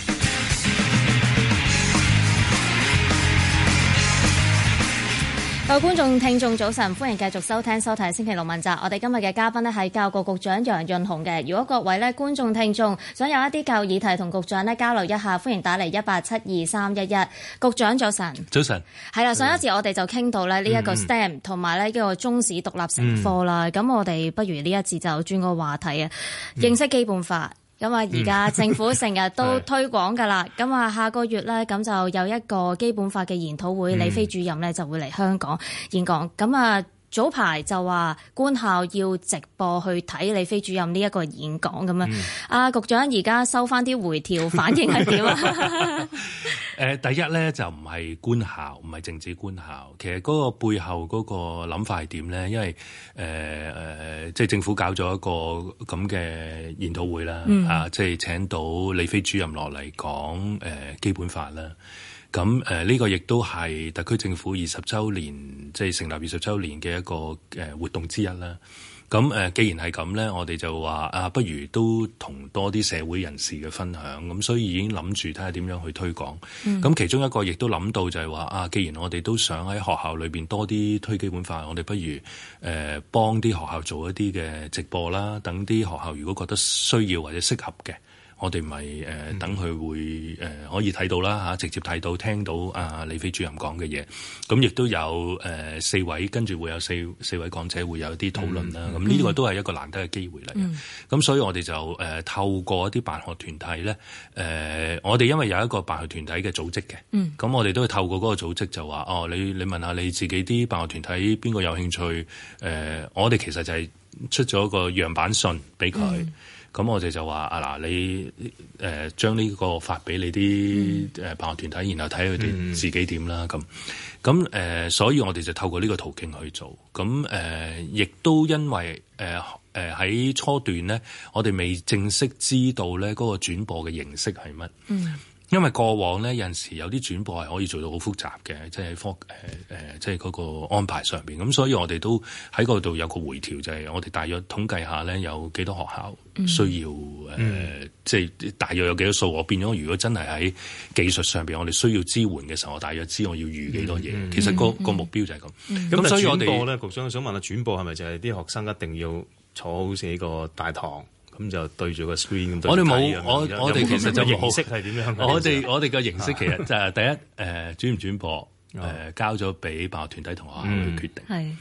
各位觀眾聽眾早晨，歡迎繼續收聽收睇星期六問集。我哋今日嘅嘉賓咧係教育局局長楊潤雄嘅。如果各位咧觀眾聽眾想有一啲教育議題同局長咧交流一下，歡迎打嚟一八七二三一一。局長早晨，早晨。係啦，上一次我哋就傾到咧呢一個 STEM 同埋呢一個中史獨立成科啦。咁、嗯、我哋不如呢一次就轉個話題啊，嗯、認識基本法。咁啊，而家政府成日都推廣㗎啦。咁啊，下個月咧，咁就有一個基本法嘅研討會，李飛、嗯、主任咧就會嚟香港演講。咁啊～早排就話官校要直播去睇李飛主任呢一個演講咁樣啊！阿、嗯、局長而家收翻啲回調反應係點啊？誒、 呃，第一咧就唔係官校，唔係淨止官校。其實嗰個背後嗰個諗法係點咧？因為誒誒、呃呃，即係政府搞咗一個咁嘅研討會啦，啊、嗯呃，即係請到李飛主任落嚟講誒、呃、基本法啦。咁誒呢個亦都係特區政府二十週年，即係成立二十週年嘅一個誒活動之一啦。咁誒，既然係咁咧，我哋就話啊，不如都同多啲社會人士嘅分享。咁所以已經諗住睇下點樣去推廣。咁，嗯，其中一個亦都諗到就係話啊，既然我哋都想喺學校裏邊多啲推基本法，我哋不如誒幫啲學校做一啲嘅直播啦。等啲學校如果覺得需要或者適合嘅。我哋咪誒等佢會誒可以睇到啦嚇、嗯啊，直接睇到聽到阿、啊、李飛主任講嘅嘢，咁亦都有誒、呃、四位跟住會有四四位講者會有啲討論啦。咁呢、嗯啊這個都係一個難得嘅機會嚟。咁、嗯、所以我哋就誒、呃、透過一啲辦學團體咧，誒、呃、我哋因為有一個辦學團體嘅組織嘅，咁、嗯、我哋都會透過嗰個組織就話哦，你你問下你自己啲辦學團體邊個有興趣誒、呃，我哋其實就係出咗個樣板信俾佢。嗯咁我哋就話啊嗱，你誒、呃、將呢個發俾你啲誒辦學團體，嗯、然後睇佢哋自己點啦咁。咁誒、嗯呃，所以我哋就透過呢個途徑去做。咁、嗯、誒、呃，亦都因為誒誒喺初段咧，我哋未正式知道咧嗰、那個轉播嘅形式係乜。嗯因為過往咧有陣時有啲轉播係可以做到好複雜嘅，即係科誒誒、呃，即係嗰個安排上邊。咁所以我哋都喺嗰度有個回調，就係、是、我哋大約統計下咧，有幾多學校需要誒，即係、嗯呃就是、大約有幾多數。我變咗，如果真係喺技術上邊我哋需要支援嘅時候，我大約知我要預幾多嘢。嗯嗯嗯、其實個個目標就係咁。咁、嗯嗯、所以我哋，咧，局長，我想想問下轉播係咪就係啲學生一定要坐好似個大堂？咁就對住個 screen 咁對。我哋冇，我哋其實就形式係點樣？我哋我哋嘅形式其實就係、是、 第一誒轉唔轉播。誒交咗俾辦學團體同學校去決定。係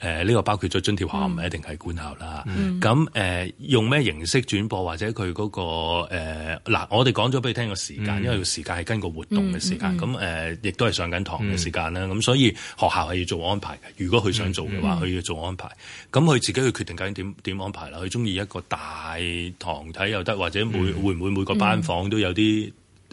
誒呢個包括咗津貼學校，唔係一定係官校啦。咁誒用咩形式轉播，或者佢嗰個嗱，我哋講咗俾你聽個時間，因為個時間係跟個活動嘅時間。咁誒亦都係上緊堂嘅時間啦。咁所以學校係要做安排嘅。如果佢想做嘅話，佢要做安排。咁佢自己去決定究竟點點安排啦。佢中意一個大堂睇又得，或者每會唔會每個班房都有啲？誒誒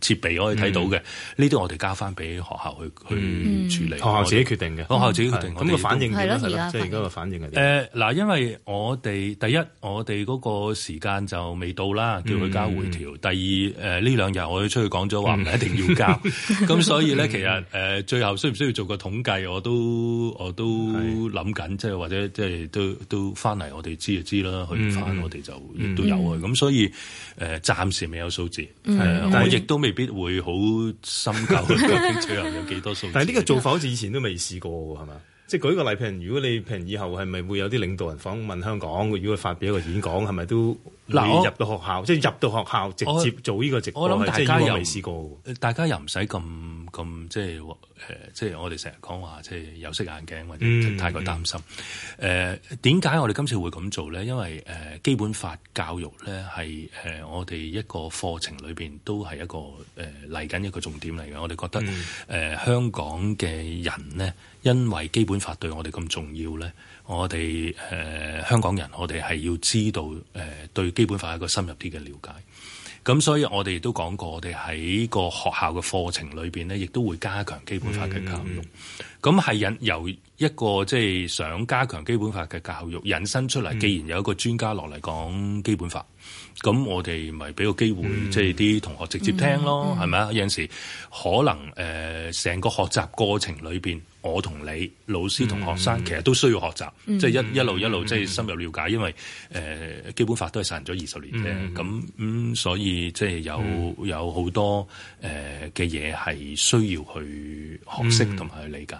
設備可以睇到嘅，呢啲我哋交翻俾學校去去處理，學校自己決定嘅，學校自己決定。咁個反應點咧？即係而家個反應係點？誒嗱，因為我哋第一，我哋嗰個時間就未到啦，叫佢交回調。第二，誒呢兩日我哋出去講咗話，唔係一定要交。咁所以咧，其實誒最後需唔需要做個統計，我都我都諗緊，即係或者即係都都翻嚟，我哋知就知啦。佢唔翻，我哋就都有啊。咁所以誒，暫時未有數字。係啊，我亦都未必會好深究究竟最後有幾多數。 但係呢個做法好似以前都未試過喎，係嘛？即係舉個例譬如，如果你譬如以後係咪會有啲領導人訪問香港，如果佢發表一個演講，係咪都？嗱，你入到學校，我即係入到學校直接做呢個直播，我諗大家又未試過。大家又唔使咁咁，即係誒，即係我哋成日講話，即係有色眼鏡或者、嗯、太過擔心。誒、嗯，點解、呃、我哋今次會咁做咧？因為誒、呃、基本法教育咧係誒我哋一個課程裏邊都係一個誒嚟緊一個重點嚟嘅。我哋覺得誒、嗯呃、香港嘅人咧，因為基本法對我哋咁重要咧，我哋誒、呃、香港人，我哋係要知道誒、呃、對。基本法係一個深入啲嘅了解，咁所以我哋亦都講過，我哋喺個學校嘅課程裏邊咧，亦都會加強基本法嘅教育。咁係、嗯嗯嗯、引由一個即係、就是、想加強基本法嘅教育引申出嚟，嗯、既然有一個專家落嚟講基本法，咁我哋咪俾個機會即係啲同學直接聽咯，係咪啊？有陣時可能誒，成、呃、個學習過程裏邊。我同你，老師同學生其實都需要學習，即係一一路一路即係深入了解，因為誒基本法都係實行咗二十年咧，咁咁所以即係有有好多誒嘅嘢係需要去學識同埋去理解。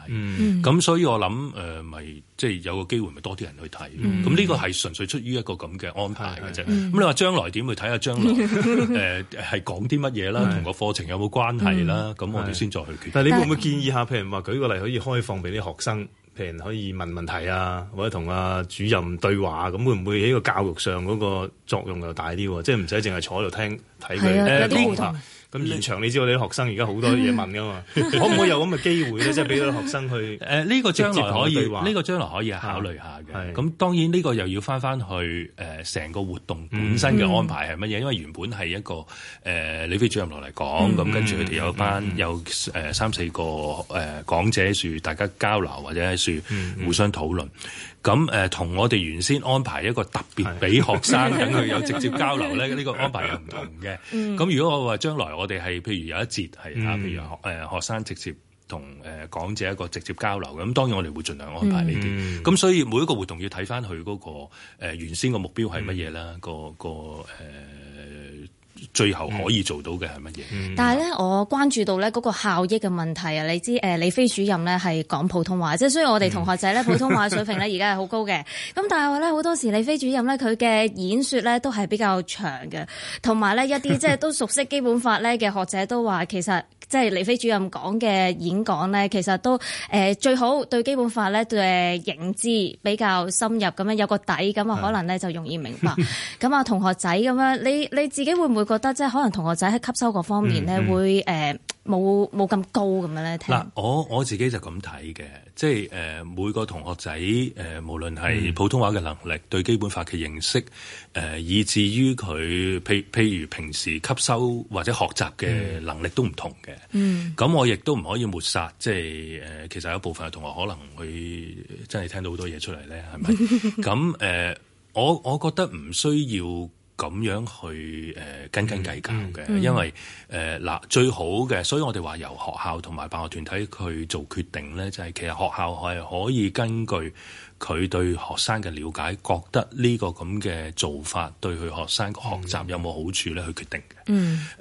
咁所以我諗誒，咪即係有個機會，咪多啲人去睇。咁呢個係純粹出於一個咁嘅安排嘅啫。咁你話將來點去睇下將來誒係講啲乜嘢啦？同個課程有冇關係啦？咁我哋先再去決定。但係你會唔會建議下？譬如話舉個例，可以開。可以放俾啲學生，譬如可以問問題啊，或者同啊主任對話，咁會唔會喺個教育上嗰個作用又大啲喎？即係唔使淨係坐喺度聽睇佢講。咁現場你知道你啲學生而家好多嘢問㗎嘛，可唔可以有咁嘅機會咧？即係俾到學生去誒呢個、呃呢個將來可以話，呢、呢個將來可以考慮下嘅。咁、啊、當然呢個又要返返去誒成個活動本身嘅安排係乜嘢。嗯、因為原本係一個誒李飛主任落嚟講，咁、嗯、跟住佢哋有一班有誒三四個誒講者喺度，大家交流或者喺度互相討論。咁誒、嗯嗯呃、同我哋原先安排一個特別俾學生的 等佢有直接交流咧，呢、呢個安排又唔同嘅。咁如果我話將來我我哋係譬如有一節係啊，譬如學誒、呃、學生直接同誒講者一個直接交流嘅，咁當然我哋會盡量安排呢啲。咁、嗯、所以每一個活動要睇翻佢嗰個誒、呃、原先個目標係乜嘢啦，個個誒。呃最後可以做到嘅係乜嘢？嗯、但係咧，我關注到咧嗰個效益嘅問題啊！你知誒，李飛主任咧係講普通話，即係雖然我哋同學仔咧普通話水平咧而家係好高嘅。咁、嗯、 但係話咧，好多時李飛主任咧佢嘅演説咧都係比較長嘅，同埋咧一啲即係都熟悉基本法咧嘅學者都話，其實即係李飛主任講嘅演講咧，其實都誒最好對基本法咧嘅認知比較深入咁樣有個底咁啊，可能咧就容易明白。咁啊、嗯， 同學仔咁樣，你你自己會唔會覺得？覺得即係可能同學仔喺吸收嗰方面咧，嗯嗯、會誒冇冇咁高咁樣咧。聽、嗱，我我自己就咁睇嘅，即係誒、呃、每個同學仔誒、呃，無論係普通話嘅能力、嗯、對基本法嘅認識誒、呃，以至於佢譬譬如平時吸收或者學習嘅能力都唔同嘅。咁、嗯、我亦都唔可以抹殺，即係誒、呃，其實有部分嘅同學可能會真係聽到好多嘢出嚟咧，係咪？咁誒、 呃，我我覺得唔需要。咁樣去誒斤斤計較嘅，嗯嗯、因為誒嗱、呃、最好嘅，所以我哋話由學校同埋辦學團體去做決定咧，就係、是、其實學校係可以根據佢對學生嘅了解，覺得呢個咁嘅做法對佢學生嘅學習有冇好處咧、嗯、去決定。嗯，誒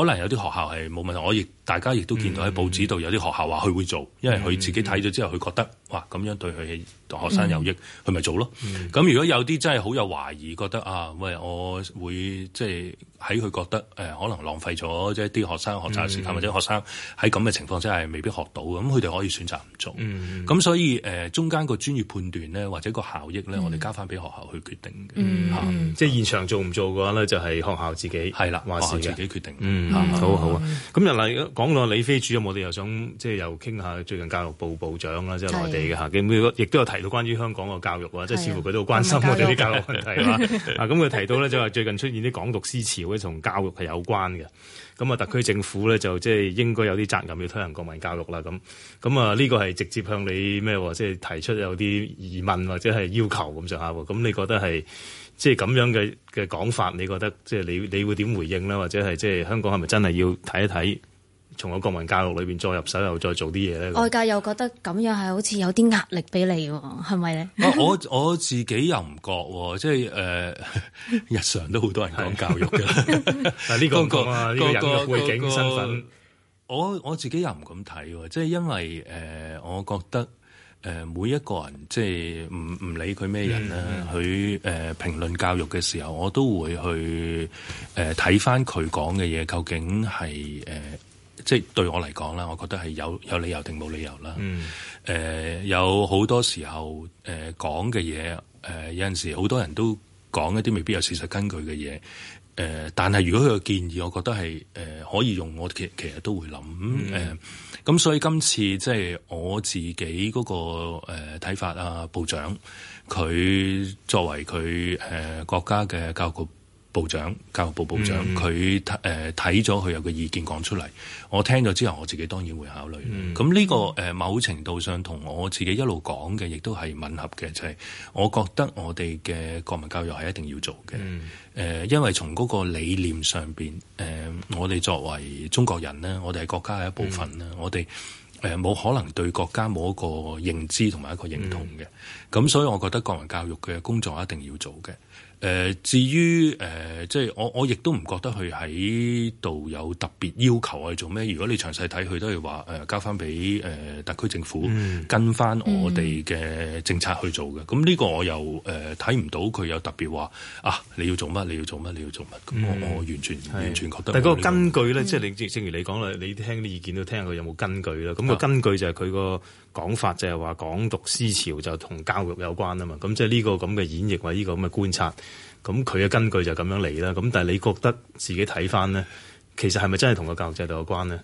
可能有啲學校係冇問題，我亦大家亦都見到喺報紙度有啲學校話佢會做，因為佢自己睇咗之後佢覺得，哇咁樣對佢學生有益，佢咪做咯。咁如果有啲真係好有懷疑，覺得啊，喂，我會即係喺佢覺得誒可能浪費咗即係啲學生學習時間，或者學生喺咁嘅情況真係未必學到，咁佢哋可以選擇唔做。咁所以誒中間個專業判斷咧，或者個效益咧，我哋交翻俾學校去決定嘅。即係現場做唔做嘅話咧，就係學校自己。啦，事、啊、自己決定。嗯，嗯好好啊。咁又嚟講到李飛主任，我哋又想即係又傾下最近教育部部長啦，即、就、係、是、內地嘅嚇。亦都的有提到關於香港嘅教育啊，即係的似乎佢都好關心我哋啲教育問題啊。咁佢 提到呢，就話最近出現啲港獨思潮，嗰啲，同教育係有關嘅。咁啊，特區政府呢，就即係應該有啲責任要推行國民教育啦。咁咁啊，呢個係直接向你咩喎？即係提出有啲疑問或者係要求咁上下喎。咁你覺得係？即係咁樣嘅、嘅講法，你覺得即係你你會點回應咧？或者係即係香港係咪真係要睇一睇從個國民教育裏邊再入手，又再做啲嘢咧？外界又覺得咁樣係好似有啲壓力俾你喎，係咪咧？我我自己又唔覺喎，即係誒、呃、日常都好多人講教育嘅。呢是 個唔講呢個人嘅背景身份，我我自己又唔敢睇喎，即係因為誒、呃，我覺得。誒、呃、每一個人即係唔唔理佢咩人啦，佢誒、嗯嗯呃、評論教育嘅時候，我都會去誒睇翻佢講嘅嘢，究竟係誒、呃、即係對我嚟講啦，我覺得係有有理由定冇理由啦。誒、嗯呃、有好多時候誒、呃、講嘅嘢誒有陣時好多人都講一啲未必有事實根據嘅嘢誒，但係如果佢嘅建議，我覺得係誒、呃、可以用，我其實其實都會諗誒。呃嗯嗯咁所以今次即係、就是、我自己嗰、那個誒睇、呃、法啊，部長佢作為佢誒、呃、國家嘅教育局。部長、教育部部長，佢誒睇咗，佢、呃、有個意見講出嚟，我聽咗之後我自己當然會考慮。咁呢、嗯這個誒、呃、某程度上同我自己一路講嘅，亦都係吻合嘅，就係、是、我覺得我哋嘅國民教育係一定要做嘅。誒、嗯呃，因為從嗰個理念上邊誒、呃，我哋作為中國人咧，我哋係國家嘅一部分咧，嗯、我哋誒冇可能對國家冇一個認知同埋一個認同嘅。咁、嗯嗯、所以，我覺得國民教育嘅工作係一定要做嘅。誒，至於誒、呃，即係我我亦都唔覺得佢喺度有特別要求去做咩？如果你詳細睇，佢都係話誒，交翻俾誒特區政府跟翻我哋嘅政策去做嘅。咁、嗯、呢、嗯、個我又誒睇唔到佢有特別話啊，你要做乜？你要做乜？你要做乜？咁、嗯、我我完全的完全覺得、呢個。但係嗰個根據咧，嗯、即係你正正如你講啦，你聽啲意見都聽下佢有冇根據啦。咁、嗯嗰個根據就係佢、嗰個。講法就係話港獨思潮就同教育有關啊嘛，咁即係呢個咁嘅演繹或呢個咁嘅觀察，咁佢嘅根據就咁樣嚟啦。咁但係你覺得自己睇返咧，其實係咪真係同個教育制度有關咧？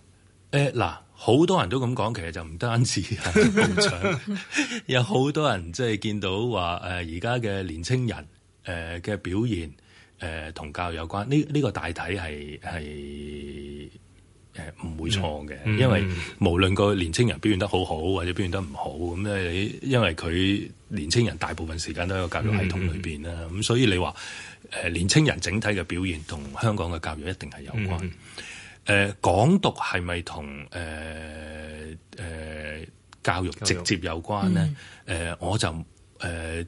誒嗱、欸，好多人都咁講，其實就唔單止係， 有好多人即係見到話誒而家嘅年輕人誒嘅、呃、表現誒、呃、同教育有關，呢、呢、呢、個呢個大體係係。唔會錯嘅，因為無論個年青人表現得好好或者表現得唔好，咁咧你，因為佢年青人大部分時間都喺個教育系統裏邊啦，咁所以你話誒年青人整體嘅表現同香港嘅教育一定係有關。誒，港獨係咪同誒誒教育直接有關咧？誒，我就誒，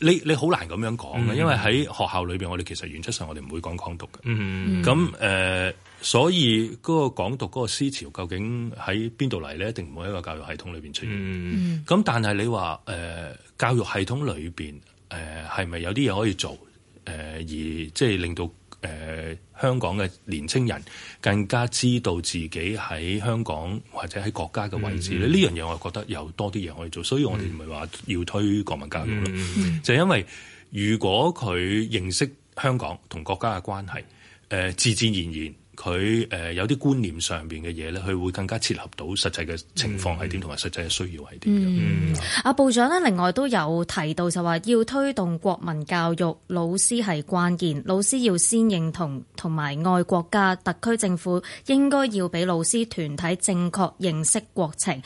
你你好難咁樣講嘅，因為喺學校裏邊，我哋其實原則上我哋唔會講港獨嘅。咁誒。所以嗰、那個港獨嗰、那個思潮，究竟喺邊度嚟咧？一定唔會喺個教育系統裏邊出現。咁、mm，hmm. 但係你話誒、呃、教育系統裏邊誒係咪有啲嘢可以做誒、呃？而即係令到誒、呃、香港嘅年青人更加知道自己喺香港或者喺國家嘅位置咧？呢、mm hmm. 樣嘢我覺得有多啲嘢可以做。所以我哋唔係話要推國民教育咯，mm hmm. 就因為如果佢認識香港同國家嘅關係，誒、呃、自自然然，然。佢誒有啲觀念上邊嘅嘢咧，佢會更加切合到實際嘅情況係點同埋實際嘅需要係點樣。嗯，阿、啊、部長呢，另外都有提到就話要推動國民教育，老師係關鍵，老師要先認同同埋愛國家。特區政府應該要俾老師團體正確認識國情。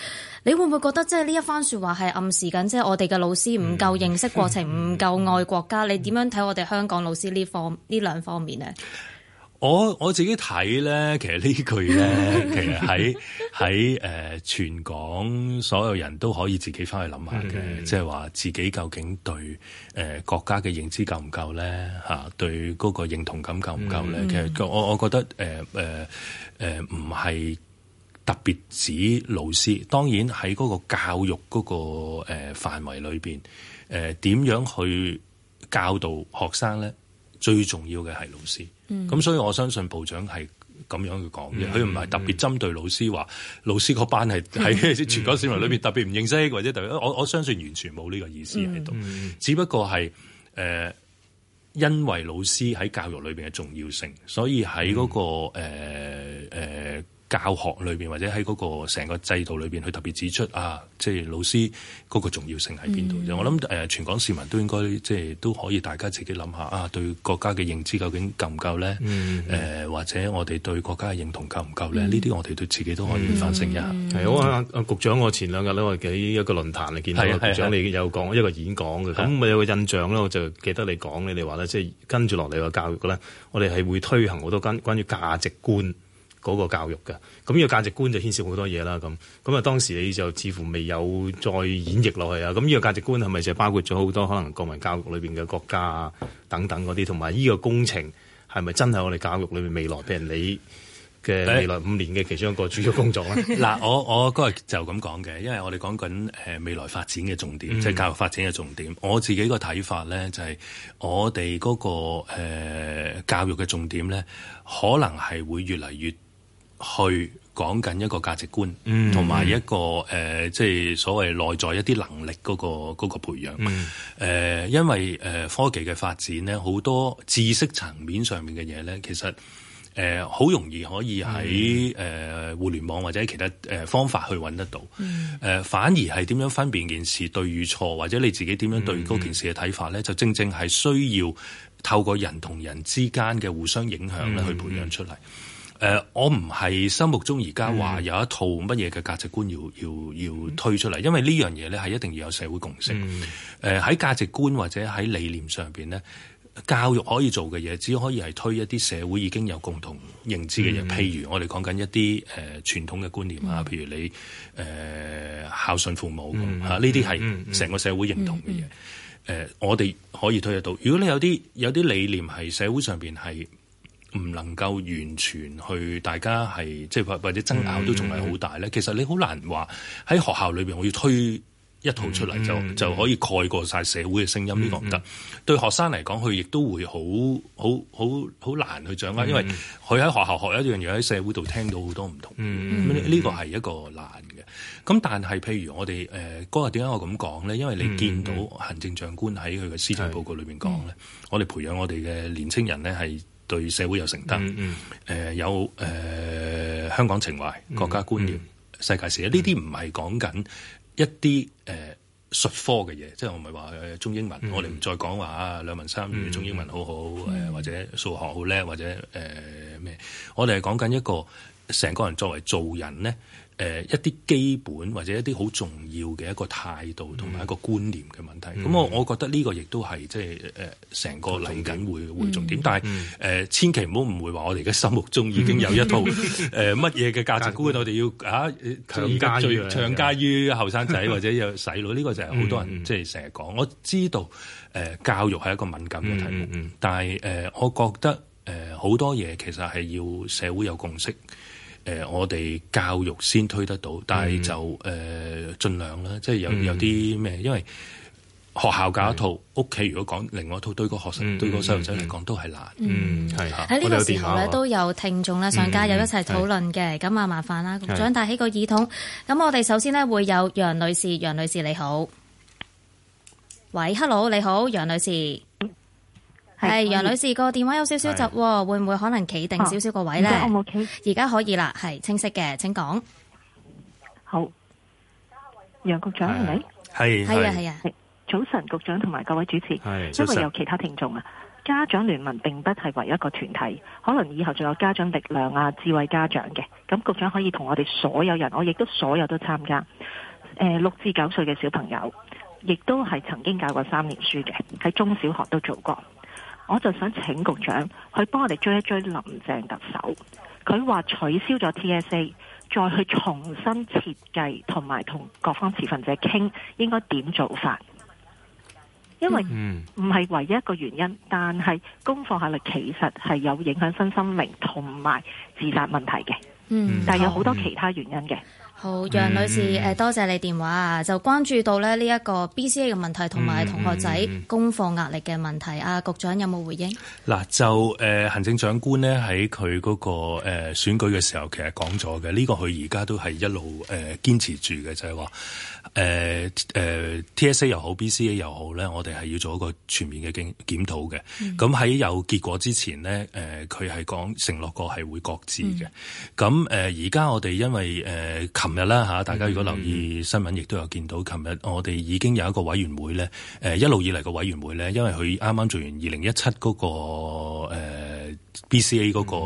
你會唔會覺得即係呢一番説話係暗示緊即係我哋嘅老師唔夠認識國情，唔、嗯、夠愛國家？嗯、你點樣睇我哋香港老師呢方呢兩方面呢？我我自己睇咧，其實呢句咧，其實喺喺誒全港所有人都可以自己翻去諗下嘅，Okay. 即係話自己究竟對誒、呃、國家嘅認知夠唔夠咧？嚇、啊、對嗰個認同感夠唔夠咧？Mm hmm. 其實我我覺得誒誒誒唔係特別指老師，當然喺嗰個教育嗰個誒範圍裏邊，誒、呃、點樣去教導學生咧，最重要嘅係老師。咁、嗯、所以我相信部長係咁樣去講嘅，佢唔係特別針對老師話，老師個班係喺全港市民裏邊特別唔認識，嗯、或者特別，我我相信完全冇呢個意思喺度，嗯、只不過係誒、呃、因為老師喺教育裏邊嘅重要性，所以喺、嗰個誒誒。嗯呃呃教學裏邊或者喺嗰個成個制度裏邊，去特別指出啊，即係老師嗰個重要性喺邊度？就、嗯、我諗誒、呃，全港市民都應該即係都可以，大家自己諗下啊，對國家嘅認知究竟夠唔夠咧？誒、嗯呃，或者我哋對國家嘅認同夠唔夠咧？呢啲、嗯、我哋對自己都可以反省一下。係、嗯嗯、好啊，局長，我前兩日咧，我喺一個論壇嚟見到、啊啊啊、局長，你有講一個演講嘅，咁我、啊、有個印象咧，我就記得你講你哋話咧，即係、就是、跟住落嚟嘅教育咧，我哋係會推行好多關關於價值觀。嗰個教育嘅，咁、這、呢個價值觀就牽涉好多嘢啦。咁咁啊，當時你就似乎未有再演繹落去啊。咁、這、呢個價值觀係咪就包括咗好多可能國民教育裏邊嘅國家啊等等嗰啲，同埋呢個工程係咪真係我哋教育裏面未來譬如你嘅未來五年嘅其中一個主要工作咧？嗱， 我我嗰日就咁講嘅，因為我哋講緊誒未來發展嘅重點，即係、嗯、教育發展嘅重點。我自己個睇法咧、那個，就係我哋嗰個誒教育嘅重點咧，可能係會越嚟越。去講緊一個價值觀，同埋、嗯、一個誒、呃，即係所謂內在一啲能力嗰、嗰個培養。誒、嗯呃，因為誒、呃、科技嘅發展咧，好多知識層面上面嘅嘢咧，其實誒好、呃、容易可以喺誒、嗯呃、互聯網或者其他誒方法去揾得到。誒、嗯呃，反而係點樣分辨件事對與錯，或者你自己點樣對嗰件事嘅睇法咧，嗯嗯、就正正係需要透過人同人之間嘅互相影響咧，去培養出嚟。誒、呃，我唔係心目中而家話有一套乜嘢嘅價值觀要、嗯、要要推出嚟，因為呢樣嘢咧係一定要有社會共識。誒、嗯，喺、呃、價值觀或者喺理念上邊咧，教育可以做嘅嘢，只可以係推一啲社會已經有共同認知嘅嘢。譬、嗯、如我哋講緊一啲誒、呃、傳統嘅觀念啊，譬如你誒孝順父母嚇，呢啲係成個社會認同嘅嘢。誒、嗯嗯嗯嗯呃，我哋可以推得到。如果你有啲有啲理念係社會上邊係。唔能夠完全去大家係即係或或者爭拗都仲係好大咧。嗯、其實你好難話喺學校裏邊我要推一套出嚟就、嗯、就可以蓋過晒社會嘅聲音，呢、嗯、個唔得。嗯、對學生嚟講，佢亦都會好好好好難去掌握，嗯、因為佢喺學校學一樣嘢，喺社會度聽到好多唔同。呢個係一個難嘅。咁但係譬如我哋誒嗰日點解我咁講咧？因為你見到行政長官喺佢嘅施政報告裏邊講咧，我哋培養我哋嘅年青人咧係。對社會有承擔，誒、嗯嗯呃、有誒、呃、香港情懷、嗯、國家觀念、嗯嗯、世界視野，呢啲唔係講緊一啲誒、呃、術科嘅嘢，即係我唔係話中英文，嗯、我哋唔再講話啊兩文三語，中英文好好，誒、呃、或者數學好叻，或者誒咩、呃，我哋係講緊一個成個人作為做人咧。誒、呃、一啲基本或者一啲好重要嘅一個態度同埋一個觀念嘅問題，咁、嗯、我我覺得呢個亦都係即係誒成個嚟緊會會重點，嗯、但係誒、嗯呃、千祈唔好誤會話我哋而家心目中已經有一套誒乜嘢嘅價值觀， 我哋要嚇、啊、強加於強加於後生仔或者有細路，呢 個就係好多人即係成日講。嗯、我知道誒、呃、教育係一個敏感嘅題目，嗯、但係誒、呃、我覺得誒好、呃、多嘢其實係要社會有共識。誒、呃，我哋教育先推得到，但係就誒，儘、呃、量啦，即係有有啲咩，因為學校搞一套，屋企是的 如果講另外一套，對個學生對、嗯、個細路仔嚟講都係難。嗯，係喺呢個時候咧，有都有聽眾咧想加有一齊討論嘅，咁啊、嗯，嗯、麻煩啦，局的長帶起個耳筒。咁我哋首先呢，會有楊女士，楊女士，你好，喂，hello，你好，楊女士。係楊、 哎、女士個電話有少少窒，的會唔會可能企定少少個位呢？啊、我冇企，而家可以啦，係清晰嘅，請講。好，楊局長係咪？係係啊係啊！哎、早晨，局長同埋各位主持，的上因為有其他聽眾啊。家長聯盟並不係唯一個團體，可能以後仲有家長力量啊，智慧家長嘅。咁局長可以同我哋所有人，我亦都所有都參加。誒、呃，六至九歲嘅小朋友，亦都係曾經教過三年書嘅，喺中小學都做過。我就想請局長去幫我哋追一追林鄭特首，佢話取消咗 TSA，再去重新設計同埋同各方持份者傾應該點做法，因為唔係唯一一個原因，但係功課效率其實係有影響身心靈同埋自殺問題嘅，但係有好多其他原因嘅。好，楊女士，誒、嗯啊、多謝你電話啊，就關注到咧呢一個 BCA 嘅問題同埋同學仔功課壓力嘅問題，嗯嗯、啊，局長有冇回應？嗱，就誒、呃、行政長官咧喺佢嗰個誒、呃、選舉嘅時候其實講咗嘅，呢、這個佢而家都係一路誒、呃、堅持住嘅，就係、是、話。誒誒 TSA 又好 BCA 又好咧，我哋係要做一個全面嘅檢檢討嘅。咁喺、嗯、有結果之前咧，誒佢係講承諾過係會各自嘅。咁誒而家我哋因為誒琴日啦，嚇、呃，大家如果留意新聞，亦都有見到，琴日我哋已經有一個委員會咧，誒、呃、一路以嚟個委員會咧，因為佢啱啱做完二零一七嗰個，呃 B、C、A 嗰個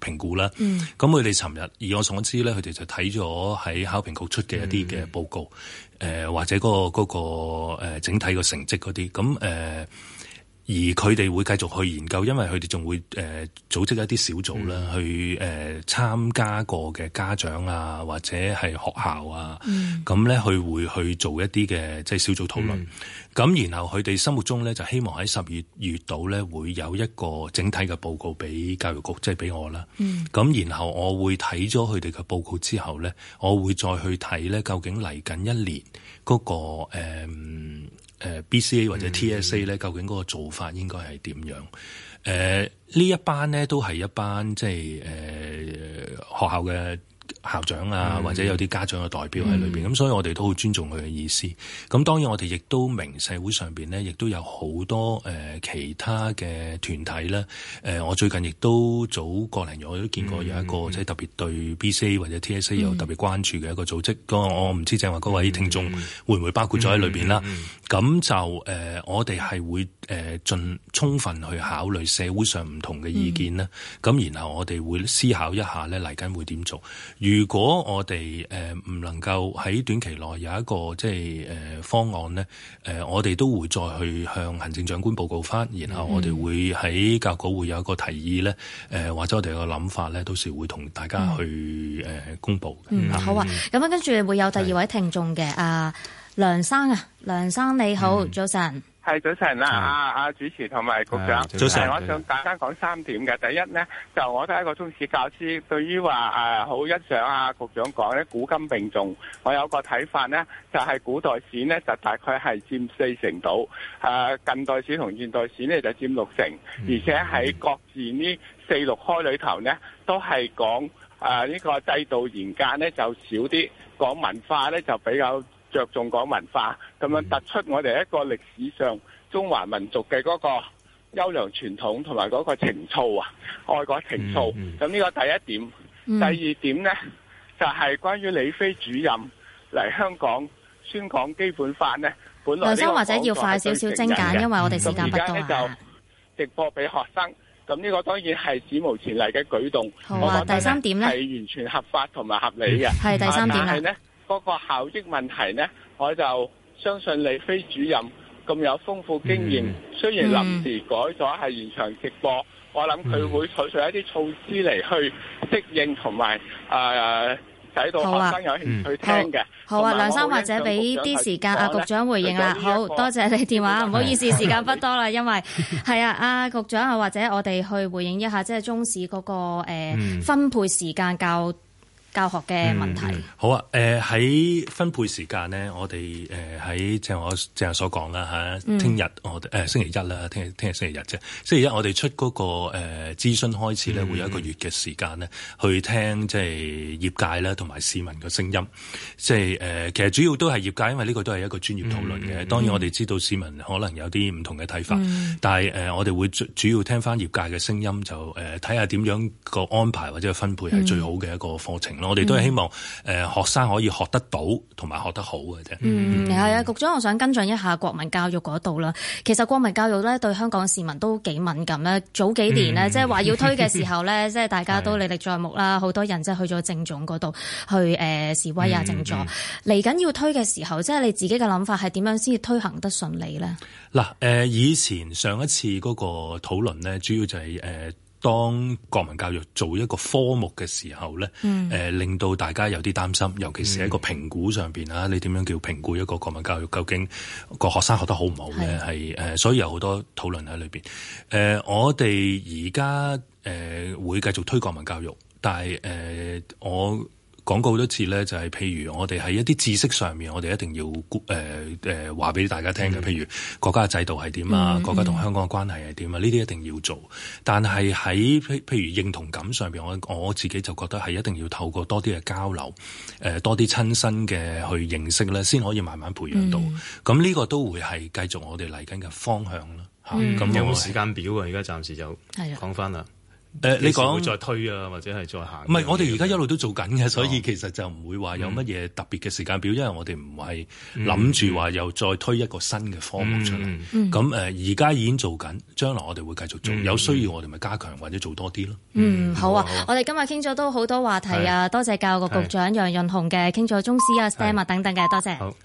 評估啦，嗯、mm.，咁佢哋尋日以我所知咧，佢哋就睇咗喺考評局出嘅一啲嘅報告，誒、mm. 呃，或者嗰、個嗰、個誒整體嘅成績嗰啲，咁、呃、誒。而佢哋會繼續去研究，因為佢哋仲會誒、呃、組織一啲小組啦，嗯、去誒參、呃、加過嘅家長啊，或者係學校啊，咁咧佢會去做一啲嘅即係小組討論。咁、嗯、然後佢哋心目中咧就希望喺十二月度咧會有一個整體嘅報告俾教育局，即係俾我啦。咁、嗯、然後我會睇咗佢哋嘅報告之後咧，我會再去睇咧究竟嚟緊一年嗰、那個、嗯誒、呃、B C A 或者 T S A 咧、嗯，究竟嗰個做法應該係點樣？誒、呃，呢一班咧都係一班即係誒、呃、學校嘅。校長啊，嗯、或者有啲家長嘅代表喺裏邊，咁、嗯、所以我哋都好尊重佢嘅意思。咁當然我哋亦都明，社會上邊呢，亦都有好多誒、呃、其他嘅團體啦。誒、呃，我最近亦都早個零月，我都見過有一個、嗯、即係特別對 BCA 或者 TSA 有特別關注嘅一個組織。嗰個、嗯、我唔知正話嗰位聽眾會唔會包括咗喺裏邊啦。咁、嗯嗯嗯、就誒、呃，我哋係會誒盡、呃、充分去考慮社會上唔同嘅意見啦。咁、嗯嗯、然後我哋會思考一下咧嚟緊會點做。如果我哋誒唔能夠喺短期內有一個即係誒方案呢，誒、呃、我哋都會再去向行政長官報告翻，然後我哋會喺教育局會有一個提議呢，誒、呃、或者我哋有個諗法呢，到時會同大家去誒、呃、公佈。嗯，好啊，咁啊，跟住會有第二位聽眾嘅阿梁生啊，梁生，梁生你好，嗯、早晨。係早晨啦，阿阿的、啊、主持同埋局長，早晨。我想簡單講三點嘅，第一呢，就我都係一個中史教師，對於話誒好欣賞阿、啊、局長講呢古今並重。我有個睇法呢，就係、是、古代史呢就大概係佔四成度，誒、呃、近代史同現代史呢就佔六成，而且喺各自呢四六開裏頭呢，都係講誒呢、呃這個制度沿革呢就少啲，講文化呢就比較，着重講文化，咁樣突出我哋一個歷史上中華民族嘅嗰個優良傳統同埋嗰個情操啊，愛國情操。咁呢、嗯嗯、個第一點，嗯、第二點呢，就係、是、關於李飛主任嚟香港宣講基本法呢。劉生或者要快少少精簡，因為我哋時間唔夠啊。嗯、就直播俾學生，咁呢個當然係史無前例嘅舉動。嗯、第三點呢，係完全合法同埋合理嘅。係、嗯、第三點呢？嗰個效益問題呢，我就相信李飛主任咁有豐富經驗。Mm hmm. 雖然臨時改咗係現場直播，我諗佢會採取一啲措施嚟去適應同埋誒，使到學生有興趣聽嘅。好啊，梁生或者俾啲時間阿局長回應啦。好多謝你電話，唔好意思， 時間不多啦，因為係 啊，阿局長啊，或者我哋去回應一下，即係中市嗰、那個 分配時間較。教學嘅問題、嗯、好啊，誒、呃、喺分配時間咧，我哋誒喺正我正所講啦吓，聽日我哋誒星期一啦，聽日聽日星期日啫。星期一我哋出嗰、那個誒、呃、諮詢開始咧，會有一個月嘅時間咧，去聽即係業界啦同埋市民嘅聲音。即係誒、呃、其實主要都係業界，因為呢個都係一個專業討論嘅。嗯、當然我哋知道市民可能有啲唔同嘅睇法，嗯、但係誒、呃、我哋會主要聽翻業界嘅聲音，就誒睇下點樣個安排或者分配係最好嘅一個課程咯。嗯我哋都係希望誒學生可以學得到同埋學得好嘅啫。嗯，係啊，局長，我想跟進一下國民教育嗰度啦。其實國民教育咧對香港市民都幾敏感咧。早幾年呢，即係話要推嘅時候咧，即係大家都歷歷在目啦，好多人即係去咗政總嗰度去誒示威啊，靜坐。嚟緊要推嘅時候，即係你自己嘅諗法係點樣先至推行得順利咧？嗱，誒以前上一次嗰個討論咧，主要就係誒。當國民教育做一個科目嘅時候咧，誒、嗯呃、令到大家有啲擔心，尤其是喺一個評估上邊啦，嗯、你點樣叫評估一個國民教育究竟個學生學得好唔好咧？係誒是、呃，所以有好多討論喺裏邊。誒、呃，我哋而家誒會繼續推國民教育，但係誒、呃、我。講過好多次咧，就係譬如我哋喺一啲知識上面，我哋一定要誒誒話俾大家聽嘅。譬如國家嘅制度係點啊，國家同香港嘅關係係點啊，呢啲一定要做。但係喺譬譬如認同感上邊，我我自己就覺得係一定要透過多啲嘅交流，誒多啲親身嘅去認識咧，先可以慢慢培養到。咁呢個都會係繼續我哋嚟緊嘅方向啦。嚇，咁有冇時間表啊？而家暫時就講返啦。誒，你講再推啊，或者係再行？唔係，我哋而家一路都做緊嘅，所以其實就唔會話有乜嘢特別嘅時間表，因為我哋唔係諗住話又再推一個新嘅科目出嚟。咁誒，而家已經做緊，將來我哋會繼續做，有需要我哋咪加強或者做多啲咯。嗯，好啊，我哋今日傾咗都好多話題啊，多謝教育局局長楊潤雄嘅，傾咗中史啊、STEM 啊等等嘅，多謝。好。